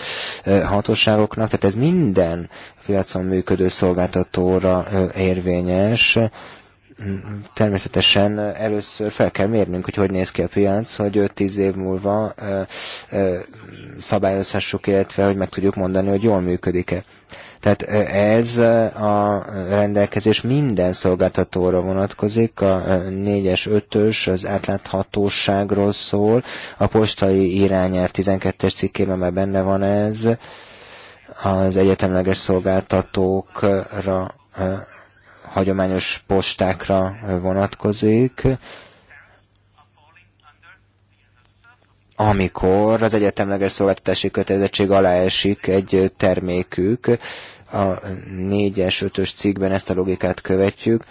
hatóságoknak, tehát ez minden piacon működő szolgáltatóra érvényes természetesen először fel kell mérnünk, hogy hogy néz ki a piac, hogy 5-10 év múlva szabályozhassuk, illetve hogy meg tudjuk mondani, hogy jól működik-e. Tehát e, ez e, a rendelkezés minden szolgáltatóra vonatkozik, a 4-es, e, 5-ös az átláthatóságról szól, a postai irányár 12-es cikkében már benne van ez, az egyetemleges szolgáltatókra, hagyományos postákra vonatkozik, amikor az egyetemleges szolgáltatási kötelezettség alá esik egy termékük, a 4-es, 5-ös cikkben ezt a logikát követjük,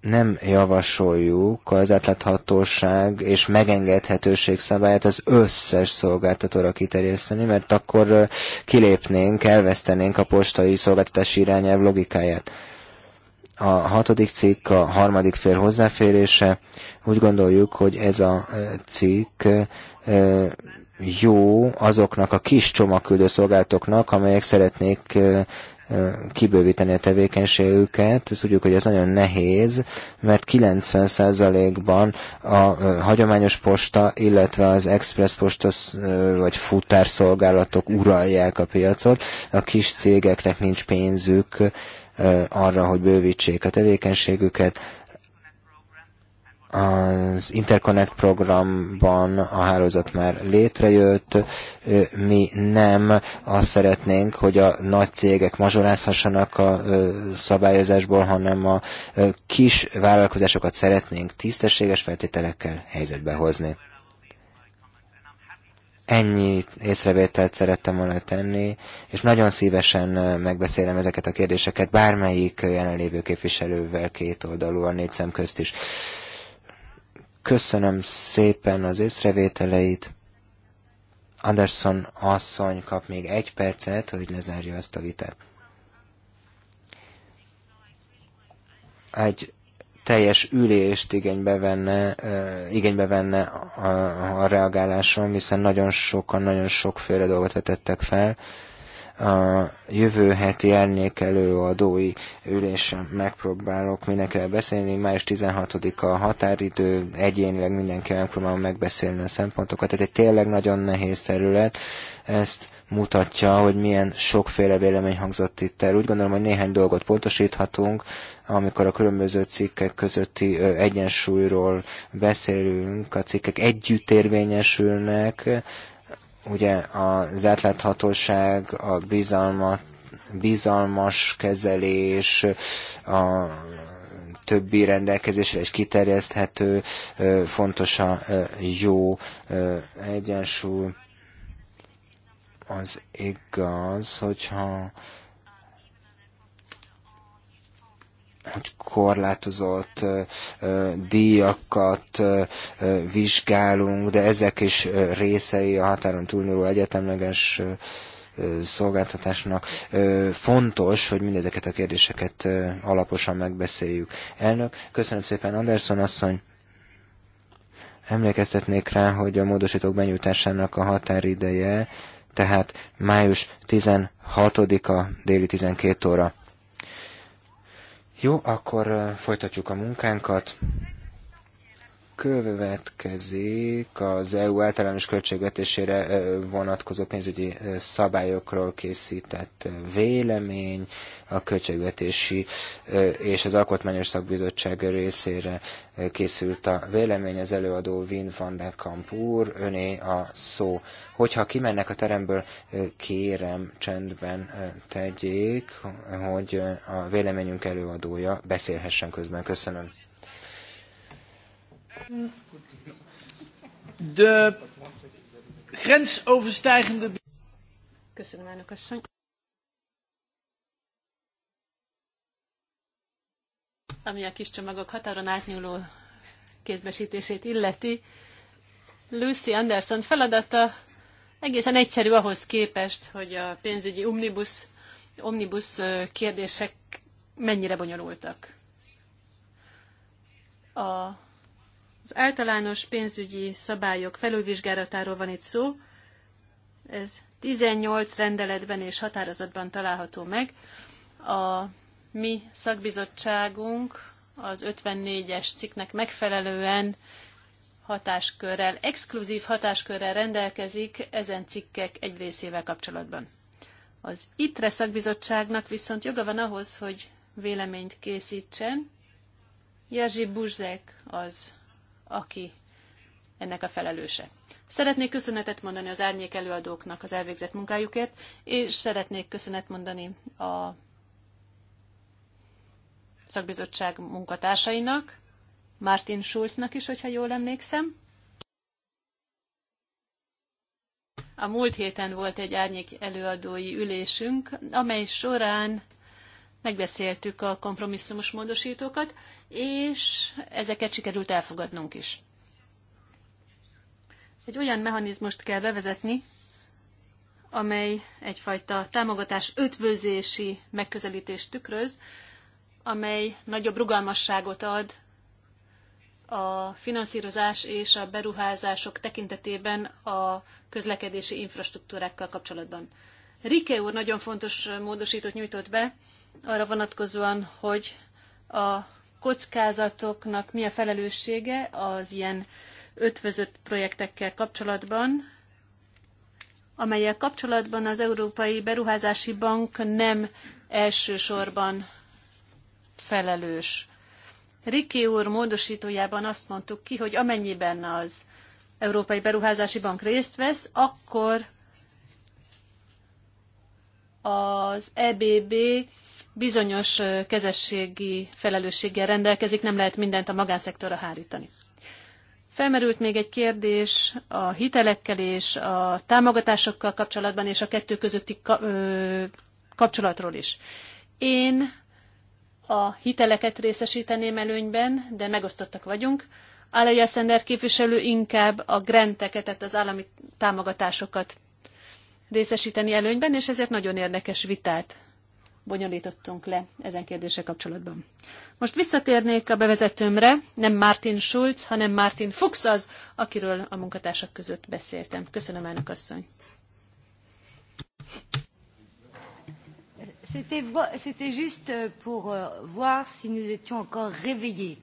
nem javasoljuk az átláthatóság és megengedhetőség szabályát az összes szolgáltatóra kiterjeszteni, mert akkor kilépnénk, elvesztenénk a postai szolgáltatási irányelv logikáját. A hatodik cikk a harmadik fél hozzáférése. Úgy gondoljuk, hogy ez a cikk jó azoknak a kis csomagküldő szolgáltoknak, amelyek szeretnék kibővíteni a tevékenységüket. Tudjuk, hogy ez nagyon nehéz, mert 90%-ban a hagyományos posta, illetve az express posta vagy futárszolgálatok uralják a piacot. A kis cégeknek nincs pénzük arra, hogy bővítsék a tevékenységüket. Az Interconnect programban a hálózat már létrejött, mi nem azt szeretnénk, hogy a nagy cégek mazsolázhassanak a szabályozásból, hanem a kis vállalkozásokat szeretnénk tisztességes feltételekkel helyzetbe hozni. Ennyi észrevételt szerettem volna tenni, és nagyon szívesen megbeszélem ezeket a kérdéseket bármelyik jelenlévő képviselővel két a négy szem közt is. Köszönöm szépen az észrevételeit. Anderson asszony kap még egy percet, hogy lezárja ezt a vitát. Egy teljes ülést igénybe venne, igénybe venne a, a reagálásom, hiszen nagyon sokan, nagyon sokféle dolgot vetettek fel. A jövő heti elnék előadói ülésen megpróbálok mindenkivel beszélni. Május 16-a a határidő, egyénileg mindenkivel megpróbálom megbeszélni a szempontokat. Ez egy tényleg nagyon nehéz terület. Ezt mutatja, hogy milyen sokféle vélemény hangzott itt el. Úgy gondolom, hogy néhány dolgot pontosíthatunk, amikor a különböző cikkek közötti egyensúlyról beszélünk, a cikkek együtt érvényesülnek, ugye az átláthatóság, a bizalmat, bizalmas kezelés, a többi rendelkezésre is kiterjeszthető, fontos a jó egyensúly az igaz, hogyha hogy korlátozott ö, ö, díjakat ö, ö, vizsgálunk, de ezek is ö, részei a határon túlnyúló egyetemleges ö, szolgáltatásnak. Fontos, hogy mindezeket a kérdéseket alaposan megbeszéljük. Elnök, köszönöm szépen Anderson asszony. Emlékeztetnék rá, hogy a módosítók benyújtásának a határideje tehát május 16-a déli 12 óra. Jó, akkor folytatjuk a munkánkat következik az EU általános költségvetésére vonatkozó pénzügyi szabályokról készített vélemény a költségvetési és az Alkotmányos Szakbizottság részére készült a vélemény. Az előadó Wien van de Kamp úr, öné a szó. Hogyha kimennek a teremből, kérem csendben tegyék, hogy a véleményünk előadója beszélhessen közben. Köszönöm.
De grensoverstijgende... Ami a kis csomagok határon átnyúló kézbesítését illeti, Lucy Anderson feladata egészen egyszerű ahhoz képest, hogy a pénzügyi omnibus, omnibus kérdések mennyire bonyolultak. A az általános pénzügyi szabályok felülvizsgálatáról van itt szó. Ez 18 rendeletben és határozatban található meg. A mi szakbizottságunk az 54-es cikknek megfelelően hatáskörrel, exkluzív hatáskörrel rendelkezik ezen cikkek egy részével kapcsolatban. Az ITRE szakbizottságnak viszont joga van ahhoz, hogy véleményt készítsen. Jerzy Buzek az aki ennek a felelőse. Szeretnék köszönetet mondani az árnyék előadóknak az elvégzett munkájukért, és szeretnék köszönet mondani a szakbizottság munkatársainak, Martin Schulznak is, hogyha jól emlékszem. A múlt héten volt egy árnyék előadói ülésünk, amely során megbeszéltük a kompromisszumos módosítókat, és ezeket sikerült elfogadnunk is. Egy olyan mechanizmust kell bevezetni, amely egyfajta támogatás ötvözési megközelítést tükröz, amely nagyobb rugalmasságot ad a finanszírozás és a beruházások tekintetében a közlekedési infrastruktúrákkal kapcsolatban. Rike úr nagyon fontos módosítót nyújtott be arra vonatkozóan, hogy a kockázatoknak mi a felelőssége az ilyen ötvözött projektekkel kapcsolatban, amelyek kapcsolatban az Európai Beruházási Bank nem elsősorban felelős. Riki úr módosítójában azt mondtuk ki, hogy amennyiben az Európai Beruházási Bank részt vesz, akkor az EBB bizonyos kezességi felelősséggel rendelkezik, nem lehet mindent a magánszektorra hárítani. Felmerült még egy kérdés a hitelekkel és a támogatásokkal kapcsolatban, és a kettő közötti kapcsolatról is. Én a hiteleket részesíteném előnyben, de megosztottak vagyunk. Alaya Szender képviselő inkább a grenteket, tehát az állami támogatásokat részesíteni előnyben, és ezért nagyon érdekes vitát bonyolítottunk le ezen kérdése kapcsolatban. Most visszatérnék a bevezetőmre, nem Martin Schulz, hanem Martin Fuchs az, akiről a munkatársak között beszéltem. Köszönöm, elnök asszony. C'était juste pour
euh, voir si nous étions encore réveillés.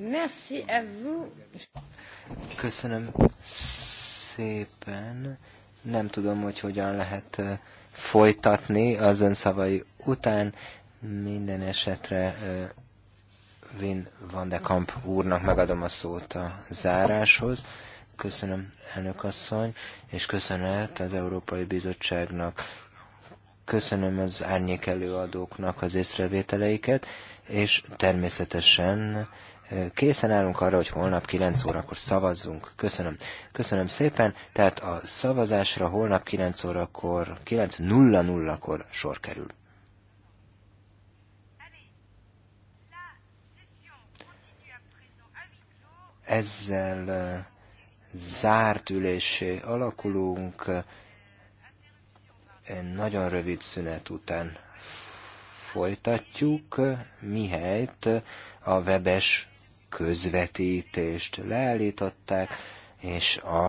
Merci à vous.
Köszönöm szépen. Nem tudom, hogy hogyan lehet folytatni az ön szavai után. Minden esetre Vin van de Kamp úrnak megadom a szót a záráshoz. Köszönöm, elnök asszony, és köszönet az Európai Bizottságnak. Köszönöm az árnyék előadóknak az észrevételeiket, és természetesen Készen állunk arra, hogy holnap 9 órakor szavazzunk. Köszönöm. Köszönöm szépen. Tehát a szavazásra holnap 9 órakor, 9.00-kor sor kerül. Ezzel zárt ülésé alakulunk. Egy nagyon rövid szünet után folytatjuk, mihelyt a webes közvetítést leállították, és a